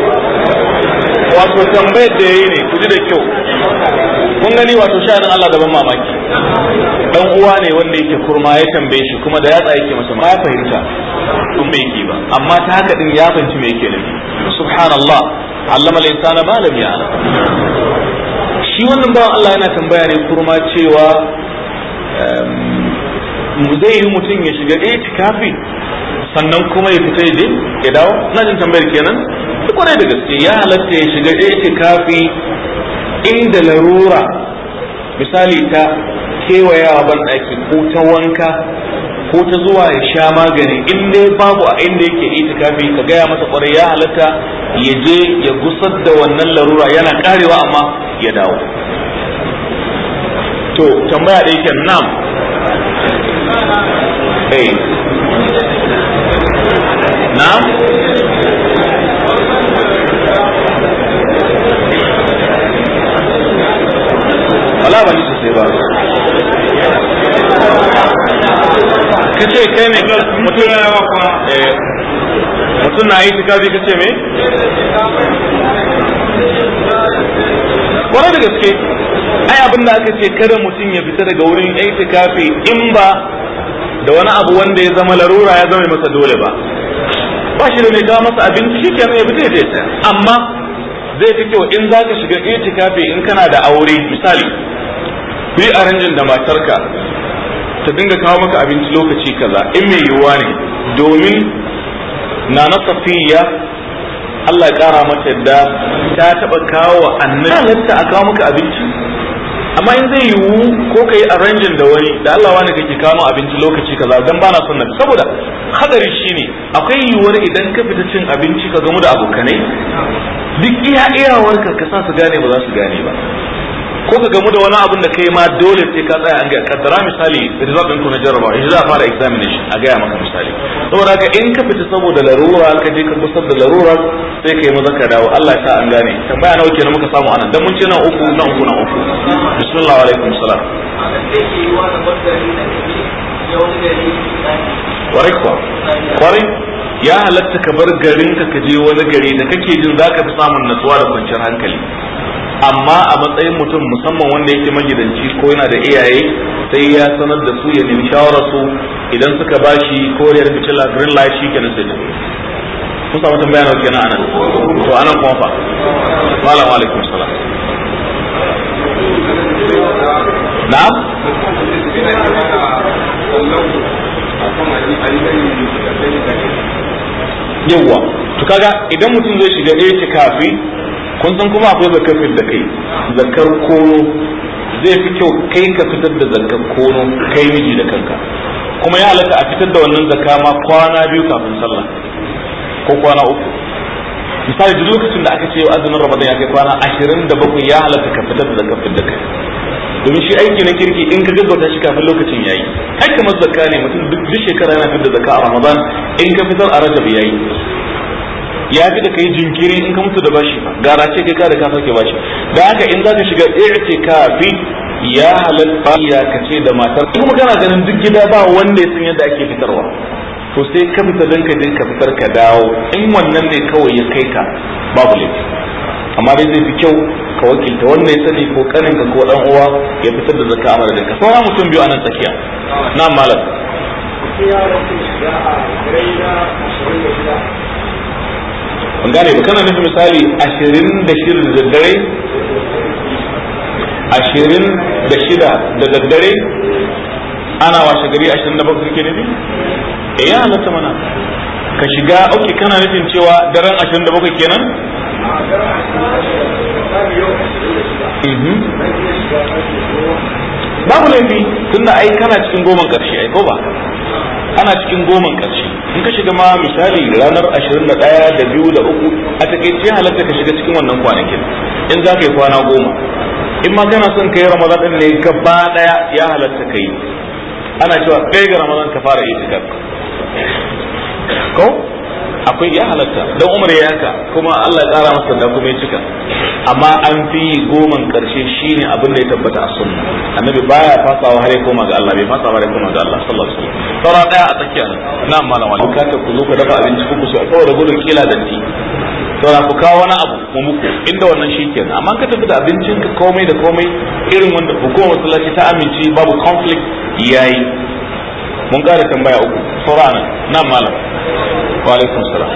wato tambayar da ya ne ku ji da kyau kun gani wato sha'anin Allah daban mamaki dan uwa ne wanda yake kurma ya tambaye shi kuma da yatsa yake masa ma ya fahimta kun bai yi ba amma ta haka din ya fahimci me yake nufi subhanallah allama al-insana ma lam ya'lam shi wannan bawan Allah yana tambaya ne kurma cewa ehm, mu zai yi mutum ya shiga ɗaya tikafi sannan kuma ya fita je ya dawo na jin tambayar kenan duk wani da gaske ya halatta ya shiga ɗaya tikafi inda larura misali ta kewayawa ban ɗaki ko ta wanka ko ta zuwa ya sha magani in dai babu a inda yake itikafi ka gaya masa kwarai ya halatta ya je ya gusar da wannan larura yana karewa amma ya dawo to tambaya da yake nam eh nam wala wani ni ba ka ce kai ne mutum ya yawa kuma eh. mutum na yi tikafi kace me kwarai da gaske ai abin da aka ce kada mutum ya fita daga wurin itikafi in ba da wani abu wanda ya zama larura ya zama masa dole ba ba shi da mai kawo masa abinci kenan ya fita ya amma zai fi kyau in za ka shiga itikafi in kana da aure misali ku yi aranjin da matarka ta dinga kawo maka abinci lokaci kaza in mai yiwuwa ne domin na na safiya Allah ya kara mata yadda ta taba kawo wa annabi halatta a kawo maka abinci amma in zai yiwu ko ka yi arrangin da wani da Allah wani ke kawo abinci lokaci kaza dan bana son nan saboda hadari shine akwai yiwuwar idan ka fita cin abinci ka gamu da abokanai duk iya iyawarka ka sa su gane ba za su gane ba ko ka gamu da wani abun da kai ma dole sai ka tsaya an ga kaddara misali result ɗin ku na jarabawa yanzu za a fara examination a gaya maka misali saboda haka in ka fita saboda larura ka je ka kusa da larura sai ka yi maza ka dawo Allah ya sa an gane tambaya nawa kenan muka samu anan dan mun ce na uku na uku na uku bismillah alaikum salam kwarai kuwa kwarai ya halatta ka bar garinka ka je wani gari da kake jin zaka fi samun natsuwa da kwanciyar hankali amma a matsayin mutum musamman wanda yake magidanci ko yana da iyaye sai ya sanar da su ya nemi su idan suka bashi koriyar fitila green light shi kenan sai kun samu tambaya nawa kenan anan to anan kuma fa malam alaikum salam na'am yawwa to kaga idan mutum zai shiga ɗaya kafi kun san kuma akwai zakar fit da kai zakar kono zai fi kyau kai ka fitar da zakar kono kai miji da kanka kuma ya halatta a fitar da wannan zakka ma kwana biyu kafin sallah ko kwana uku misali duk lokacin da aka ce azumin ramadan ya kai kwana ashirin da bakwai ya halatta ka fitar da zakar fit da kai domin shi aiki na kirki in ka gaggauta shi kafin lokacin yayi kai kamar zakka ne mutum duk shekara yana fitar da zakka a ramadan in ka fitar a rajab yayi ya fi da kai jinkiri in ka mutu da bashi ba gara ce kai ka da ka sauke bashi da haka in za zaka shiga i'tikafi ya halatta ya kace da matar kuma kana ganin duk gida ba wanda ya san yadda ake fitarwa to sai ka fita dan ka je ka fitar ka dawo in wannan ne kawai ya kai ka babu laifi amma dai zai fi kyau ka wakilta wannan ya sani ko kanin ka ko dan uwa ya fitar da zakka amara ka sauran mutum biyu a nan tsakiya na malam an gane ba kana nufin misali ashirin da shida da daddare ashirin da shida da daddare ana washe gari ashirin da bakwai kenan nufi eh ya halatta mana ka shiga auki kana nufin cewa daren ashirin da bakwai kenan mhm. babu laifi tunda ai kana cikin goman karshe ai ko ba ana cikin goman ƙarshe in ka shiga ma misali ranar 21 da 2 da 3 a takaice halatta ka shiga cikin wannan kwanakin in za ka yi kwana goma in ma kana son ka yi ramadan din ne gaba daya ya halatta ka yi ana cewa ɗaya ga ramadan ka fara tikar ko akwai ya halatta dan umar ya yanka kuma Allah ya kara masa da kuma ya cika amma an fi goman karshe shine abin da ya tabbata a sunna annabi baya fasawa har ya koma ga Allah bai fasawa har ya koma ga Allah sallallahu alaihi wasallam saura daya a tsakiya na malam wani Bukata ku zo ku dafa abinci ku so saboda gudun kila danti saura ku kawo wani abu mu muku inda wannan shikenan amma ka tafi da abincin ka komai da komai irin wanda hukumar masallaci ta amince babu conflict yayi mun kare tambaya uku sura nan nan malam wa alaikum salam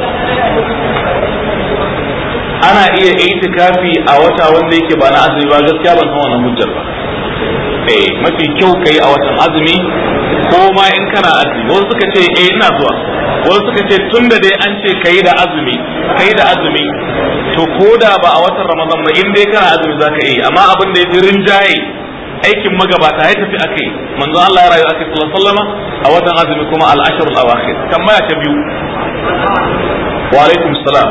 ana iya itikafi a wata wanda yake ba na azumi ba gaskiya ban san wannan hujjar ba eh mafi kyau kai a watan azumi ko ma in kana azumi wasu suka ce eh ina zuwa wasu suka ce tun da dai an ce kai da azumi kai da azumi to ko da ba a watan ramadan ba in dai kana azumi zaka yi amma abin da yafi rinjaye aikin magabata ya tafi akai manzo Allah ya rayu ake sallallahu alaihi a watan azumi kuma al-ashrul awakhir tambaya ta biyu wa alaikum salam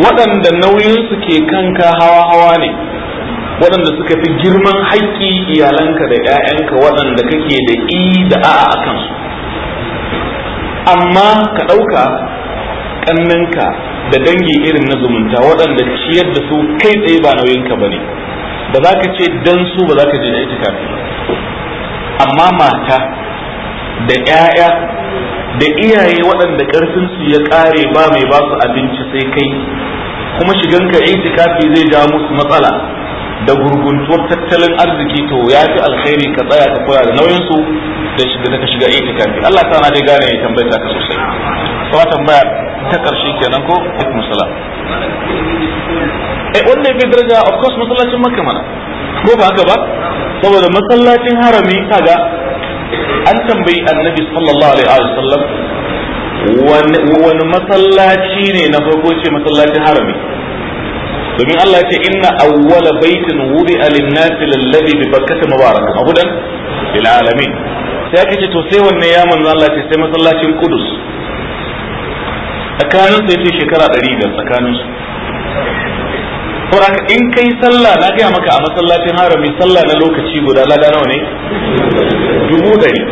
waɗanda nauyinsu ke kanka hawa-hawa ne waɗanda suka fi girman haƙƙi iyalanka da 'ya'yanka waɗanda kake da i da a a kansu amma ka ɗauka ƙannanka da dangi irin na zumunta waɗanda ciyar da su kai tsaye ba nauyinka ba ne ba za ka ce dan su ba za ka je ita kafi amma mata da 'ya'ya da iyaye waɗanda ƙarfinsu ya ƙare ba mai ba su abinci sai kai kuma shiganka itikafi zai ja musu matsala da gurguntuwar tattalin arziki to ya fi alkhairi ka tsaya ka koya da nauyin su da shi da ka shiga itikafi Allah ta na dai gane ya tambayar ta ka sosai kuma tambaya ta karshe kenan ko alaikum salam eh wannan bi daraja of course masallacin makka mana ko ba haka ba saboda masallacin harami kaga an tambayi annabi sallallahu alaihi wasallam wani masallaci ne na farko ce masallacin harami domin Allah ya ce inna awwala baitin wudi'a lin-nasi lalladhi bi bakkata mubarakan hudan lil alamin sai aka ce to sai wanne ya manzo Allah ce sai masallacin Qudus tsakanin sai ce shekara 100 tsakanin su saboda in kai sallah na gaya maka a masallacin harami sallah na lokaci guda lada nawa ne dubu ɗari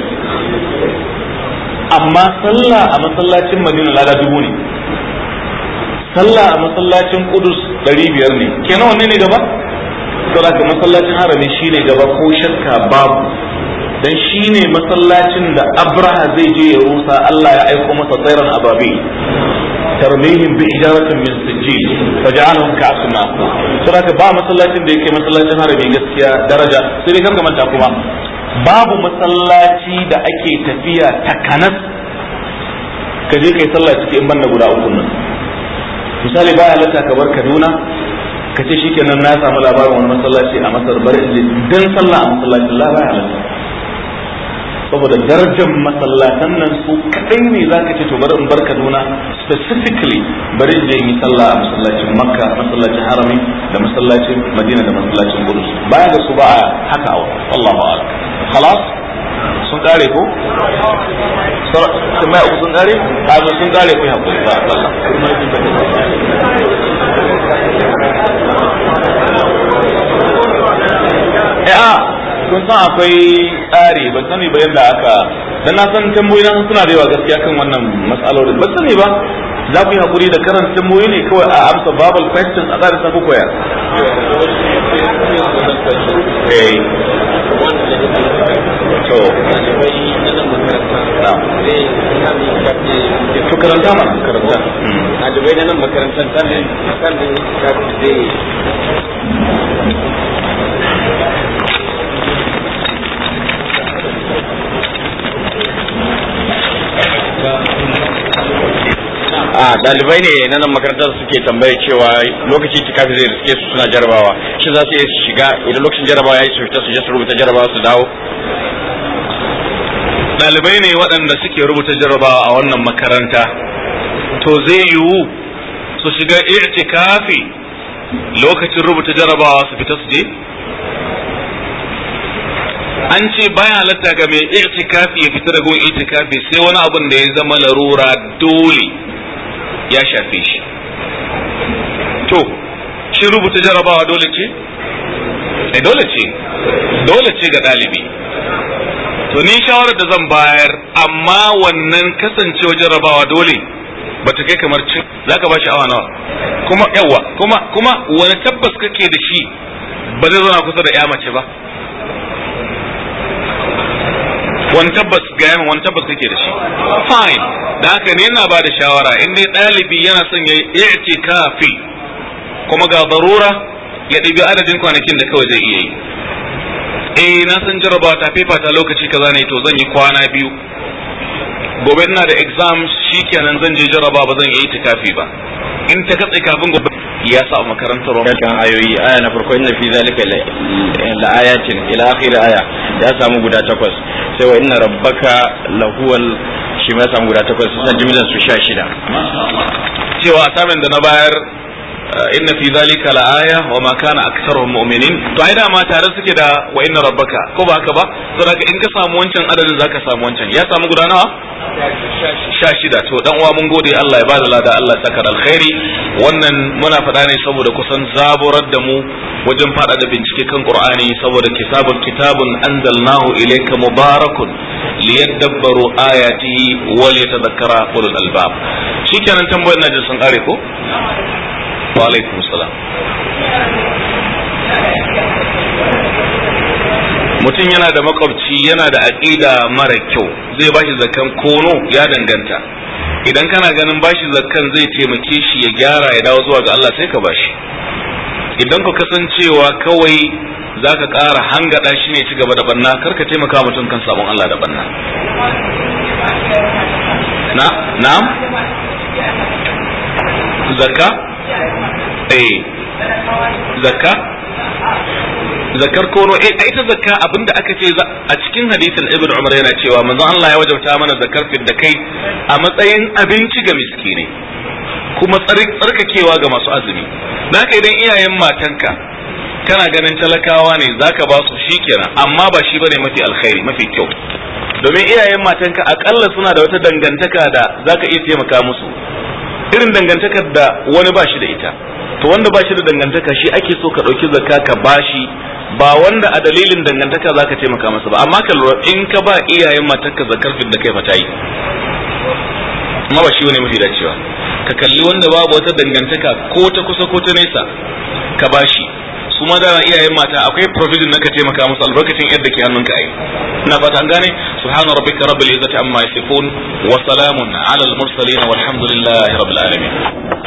amma sallah a masallacin madina lada dubu ne sallah a masallacin kudus ɗari biyar ne Ke nawa ne gaba saboda masallacin harami shine gaba ko shakka babu dan shine masallacin da abraha zai je ya rusa Allah ya aiko masa tsairan ababi tarmihim bi ijaratin min sijil faj'alhum ka'suna saboda ba masallacin da yake masallacin harami gaskiya daraja sai dai kanka manta kuma babu masallaci da ake tafiya takanas ka je kai sallah cikin banda guda uku nan misali baya halatta ka bar Kaduna ka ce shikenan na samu labarin wani masallaci a Masar bari in dan sallah a masallacin la baya halatta saboda darajar masallatan nan su kadai ne zaka ce to bar in bar Kaduna specifically bari in je yi sallah a masallacin Makka masallacin Harami da masallacin Madina da masallacin Qudus baya da su ba haka Allahu akbar خلاص sun kare ko sun mai uku sun kare kafin sun kare ku hakuri ba Allah eh ah, kun san akwai tsari ban sani ba yadda aka dan na san tamboyi na suna da yawa gaskiya kan wannan matsalolin ban sani ba za ku yi hakuri da karan tamboyi ne kawai a amsa babal questions a tsarin sa ku koya eh. to to karanta mana karanta hmm. ɗalibai na nan makarantar sanin sanin da zai a dalibai ne na nan makarantar suke tambaye cewa lokaci kafin zai riske su suna jarabawa shi za su iya shiga idan lokacin jarabawa ya yi su fita su je su rubuta jarabawa su dawo dalibai ne waɗanda suke rubuta jarabawa a wannan makaranta to zai yiwu su shiga kafi lokacin rubuta jarabawa su fita su je an ce baya halatta ga mai kafi ya fita da gun kafi sai wani abin da ya zama larura dole ya shafe shi to shi rubuta jarabawa dole ce eh dole ce dole ce ga ɗalibi to ni shawarar da zan bayar amma wannan kasancewa jarabawa dole ba ta kai kamar cin za ka ba shi awa nawa kuma yawa kuma kuma wani tabbas kake da shi ba zai zauna kusa da ya mace ba wani tabbas ga yamin wani tabbas kake da shi fine da haka ne yana bada shawara in dai ɗalibi yana son ya yi kafi kuma ga barura ya ɗibi adadin kwanakin da kawai zai iya yi eh na san jarabawa ta fefa ta lokaci kaza ne to zan yi kwana biyu gobe ina da exam shikenan zan je jaraba ba zan yi kafi ba in ta katse kafin gobe ya sa makarantar wannan ayoyi aya na farko inna fi zalika la ayatin ila akhir aya ya samu guda takwas sai wa inna rabbaka lahuwal shi ma samu guda takwas sai jimlan su 16 cewa asamin da na bayar inna fi zalika la'aya wa ma kana aktharuhum mu'minin to ai dama tare suke da wa inna rabbaka ko ba haka ba saboda in ka samu wancan adadin zaka samu wancan ya samu guda nawa sha shida to dan uwa mun gode Allah ya bada lada Allah ya saka alkhairi wannan muna faɗa ne saboda kusan zaburar da mu wajen faɗa da bincike kan Qur'ani saboda kitabun kitabun anzalnahu ilayka mubarakun liyadabbaru ayati wa liyatadhakkara ulul albab shikenan tambayar na jin sun kare ko wa السلام mutum yana da makwabci yana da aƙida mara kyau zai bashi zakan kono ya danganta idan kana ganin bashi zakan zai taimake shi ya gyara ya dawo zuwa ga Allah sai ka bashi idan ku kasancewa kawai za ka ƙara hangada shi ne ci da banna kar ka taimaka mutum kan sabon Allah da banna na na zaka. E, zakka zakar kono eh, A, ita zakka abinda aka ce a cikin hadisin ibnu umar yana cewa manzo Allah ya wajabta mana zakar fidda, kai a matsayin abinci ga miskine kuma tsarkakewa ga masu azumi naka idan iyayen matanka kana ganin talakawa ne zaka ba su shikenan amma ba shi bane mafi alkhairi mafi kyau domin iyayen matanka akalla suna da wata dangantaka da zaka iya taimaka musu irin dangantakar da wani ba shi da ita to wanda ba shi da dangantaka shi ake so ka ɗauki zakka ka bashi ba wanda a dalilin dangantaka za ka taimaka masa ba amma ka lura in ka ba iyayen matarka zakar fit da kai fata yi. amma ba shi ne mafi dacewa ka kalli wanda babu wata dangantaka ko ta kusa ko ta nesa ka bashi su ma da iyayen mata akwai provision na ka taimaka musu albarkacin yadda ke hannunka ai ina fata an gane subhana rabbika rabbil izzati amma yasifun wa salamun ala al mursalin walhamdulillahi rabbil alamin